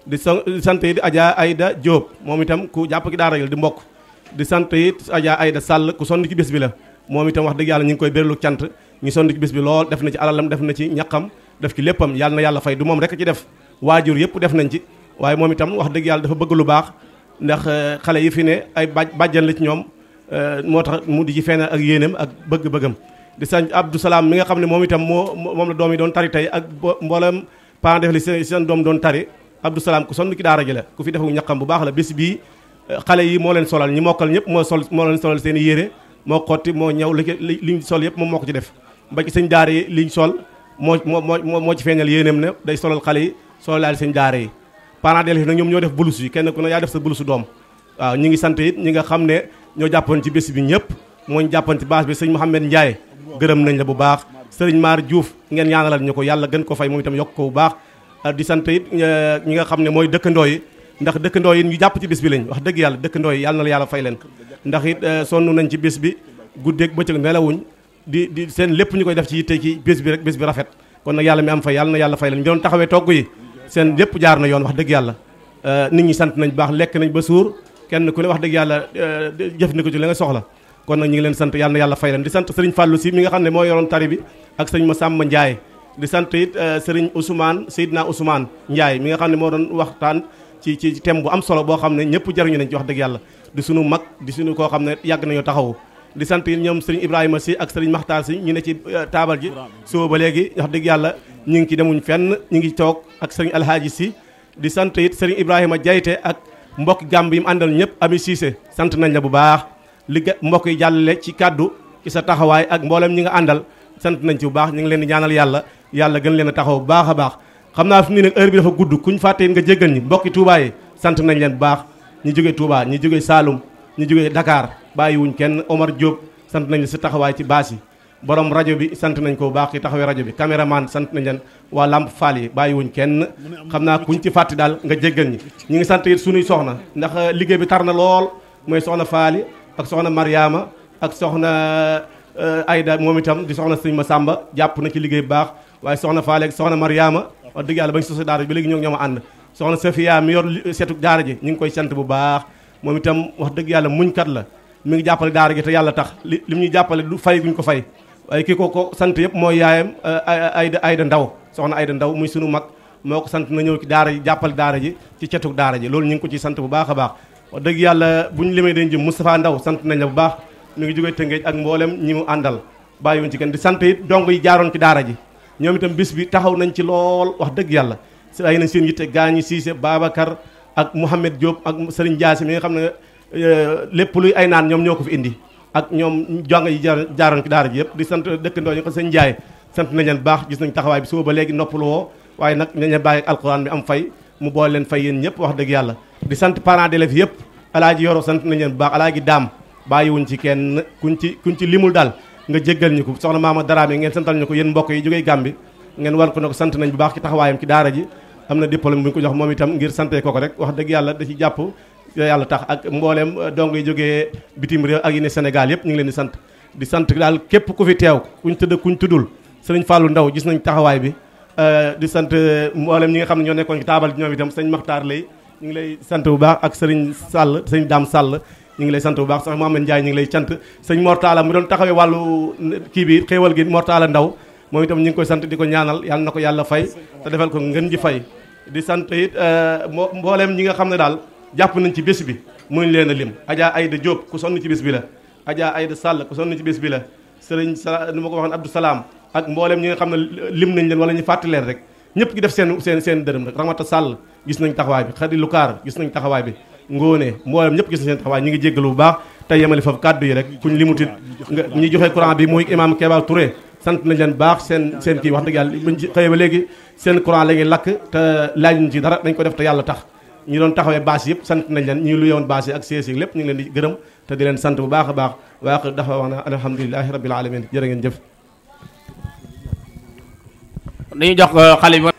di sant it Adja Aïda Diop moom itam ku jàpp ki daara di mbokk di sant it Adja ayda Sall ku sonn ci bés bi la moom itam wax dëgg yàlla ñu ngi koy bérlu cant ñu sonn ci bis bi lool def na ci alalam def na ci ñaqam def ci léppam yàlla na yàlla fay du moom rek ci def waajur yëpp def nañ ci waaye moom itam wax dëgg yàlla dafa bëgg lu baax ndax euh, xale yi fi ne ay baj bàjjan la ci ñoom euh, moo tax mu di ci feneen ak yéeneem ak bëgg-bëggam di sëñ Abdou Salaam mi nga xam ne moom itam moo moom la doom yi doon tari tey ak mboolem parent def li seen seen doom doon tari Abdou Salaam ku sonn ki daara ji la ku fi defu ñaqam bu baax la bis bii euh, xale yi moo leen solal ñi mokkal ñëpp moo sol moo solal seen yére moo xotti moo ñëw li liñ sol yëpp moom moo ko ci def ba ci sëñ daara yi liñ sol moo moo moo ci feeñal yéeneem ne day solal xale yi solalaal sëñ daara yi parents d'élèves nag ñoom ñoo def bulus yi kenn ku ne yaa def sa bulusu doom waaw ñi ngi sant it ñi nga xam ne ñoo jàppoon ci bés bi ñëpp moo ñu jàppoon ci bâche bi sëñ Mouhamed Ndiaye gërëm nañ la bu baax sëriñ Maar Diouf ngeen ñaanalal ñu ko yàlla gën ko fay moom itam yokk ko bu baax di sant it ñi nga xam ne mooy dëkkandoo yi ndax dëkkandoo yi ñu jàpp ci bis bi lañ wax dëgg yàlla dëkkandoo yi yàlla na la yàlla fay leen ndax it euh, sonn nañ ci bis bi guddeeg bëccëg nelawuñ di di seen lépp ñu koy def ci yitte ci bis bi rek bis bi rafet kon nag yàlla mi am fay yàlla na yàlla fay leen ñu togg yi seen jaar na yoon wax dëgg yàlla euh, nit ñi sant nañ baax lekk nañ ba suur kenn ku ne wax dëgg yàlla euh, jëf ni ko ci la soxla kon nag ñu ngi leen sant yàlla yàlla fay leen di sant sëriñ Fallou si mi nga xam ne moo yoroon tari bi ak sëriñ Massamba Ndiaye di sant it sëriñ Ousmane Seydina Ousmane Ndiaye mi nga xam ne moo doon waxtaan ci ci thème bu am solo boo xam ne ñëpp jariñu nañ ci wax dëgg yàlla di sunu mag di sunu koo xam ne yàgg nañu taxawu di sant ñoom sëriñ Ibrahima si ak sëriñ Maxtaar si ñu ne ci euh, taabal ji suba ba léegi wax dëgg yàlla ñu ngi ci demuñu fenn ñu ngi toog ak sëriñ Alhaaji si di sant it sëriñ Ibrahima Jayte ak mbokk gàmb yi mu àndal ñëpp ami siise sant nañ la bu baax li mbokk yi jàllale ci kàddu ci sa taxawaay ak mboolem ñi nga àndal sant nañ ci bu baax ñu ngi leen di ñaanal yàlla yàlla leen a taxaw bu baax a baax xam naa fi mu ne nag bi dafa gudd kuñ fàtte nga jéggal ñi mbokki Touba sant nañ leen bu baax ñu jógee tuubaa ñu jógee Saalum ñu jógee Dakar wuñ kenn Omar Diop sant nañ si taxawaay ci baas yi borom rajo bi sant nañ ko bu baax ci taxawee rajo bi caméraman sant nañ leen waa Lamp Fall yi wuñ kenn xam naa kuñ ci fàtti daal nga jéggal ñi ñu ngi sant it suñuy soxna ndax liggéey bi tar na lool mooy soxna Faali ak soxna Mariama ak soxna euh, Ayda moom itam di soxna sëñ Masamba jàpp na ci liggéey bu baax waaye soxna Faale soxna Mariama wax dëgg yàlla bañ sosee daara ñoo ngi ñooma ànd soxna Safia mi yor seetu daara ji ñu ngi koy sant bu baax moom itam wax dëgg yàlla muñkat la mi ngi jàppale daara ji te yàlla tax li li mu jàppale du fay guñ ko fay kii ko ko sant yëpp mooy yaayam eh, Ayda Ayda Ndaw soxna Ayda Ndaw muy sunu mag moo ko sant na ñëw ci daara ji daara ji ci cetuk daara ji loolu ñu ngi ko ci sant bu baax a baax wax dëgg yàlla buñ limee dañ ji Moustapha Ndaw sant nañ la bu baax mi ngi jógee Tëngéej ak mboolem ñi mu àndal bàyyiwuñ ci kenn di sant it dong yi jaaroon ci daara ji ñoom itam bis bi taxaw nañ ci lool wax dëgg yàlla si ay nañ seen yitte gaañu Siise Babacar ak Mouhamed Diop ak Serigne Diassi mi nga xam ne euh, lépp luy ay naan ñoom ñoo ko fi indi ak ñoom jàng yi jaaroon ci daara ji yëpp di sant dëkkandoo ñu ko sëñ Ndiaye sant nañ leen baax gis nañ taxawaay bi soo ba léegi noppalu woo waaye nag nañ leen bàyyi alxuraan bi am fay mu booy leen fay yéen ñëpp wax dëgg yàlla di sant parents d'élèves yëpp alaaji yoro sant nañ leen baax alaaji daam bàyyiwuñ ci kenn kuñ ci kuñ ci limul daal nga jéggal ñu ko soxna maama daraame ngeen santal ñu ko yéen mbokk yi jógee Gàmbi ngeen war ko ne ko sant nañ bu baax ci taxawaayam ci daara ji am na diplôme bu ñu ko jox moom itam ngir sante ko ko rek wax dëgg yàlla da ci jàpp yàlla tax ak mbooleem euh, dong yi jógee bitim réew ak yi ne Sénégal yëpp ñu ngi leen di sant di sant daal képp ku fi teew kuñ tëdd kuñ tuddul sëriñ Fallou Ndaw gis nañ taxawaay bi euh, di sant euh, mboolem ñi nga xam ne ñoo nekkoon ci taabal ñoom itam sëñ Maxtaar lay ñu ngi lay sant bu baax ak sëriñ Sall sëñ Daam Sall ñu ngi lay sant bu baax sax Mohamed Ndiaye ñu ngi lay cant sëñ Mortala mu doon taxawee wàllu kii bi xéewal gi Mortala Ndaw moom itam ñu ngi koy sant di ko ñaanal yàlla na ko yàlla fay te defal ko ngeen ji fay di sant it euh, mbooleem ñi nga xam ne daal jàpp nañ ci bés bi muñ leen a lim Adja Ayda Diop ku sonn ci bés bi la Adja Ayda Sall ku sonn ci bés bi la sëriñ sa nu ma ko waxoon Abdou Salaam ak mbooleem ñi nga xam ne lim nañ leen wala ñu fàttali leen rek ñëpp gi def seen seen seen dërëm rek Ramata Sall gis nañ taxawaay bi Khady Lukaar gis nañ taxawaay bi ngóone mboolem ñëpp gis na seen taxawaay ñu ngi jéggalu bu baax te yemale foofu kàddu yi rek kuñ limutit ñi joxe courant bi muy imam Keba Touré sant nañ leen baax seen kii wax dëgg yàlla buñ ci xëyee ba léegi seen courant la ñuy lakk dara dañ ko def te yàlla tax ñi doon taxawee bâche yëpp sant nañ leen ñu lu yewoon bâche yi ak sees yi lépp ñu ngi leen gërëm te di leen sant bu baax a baax waaye dafa wax na alhamdulilahi rabbil alamin jërë ngeen jëf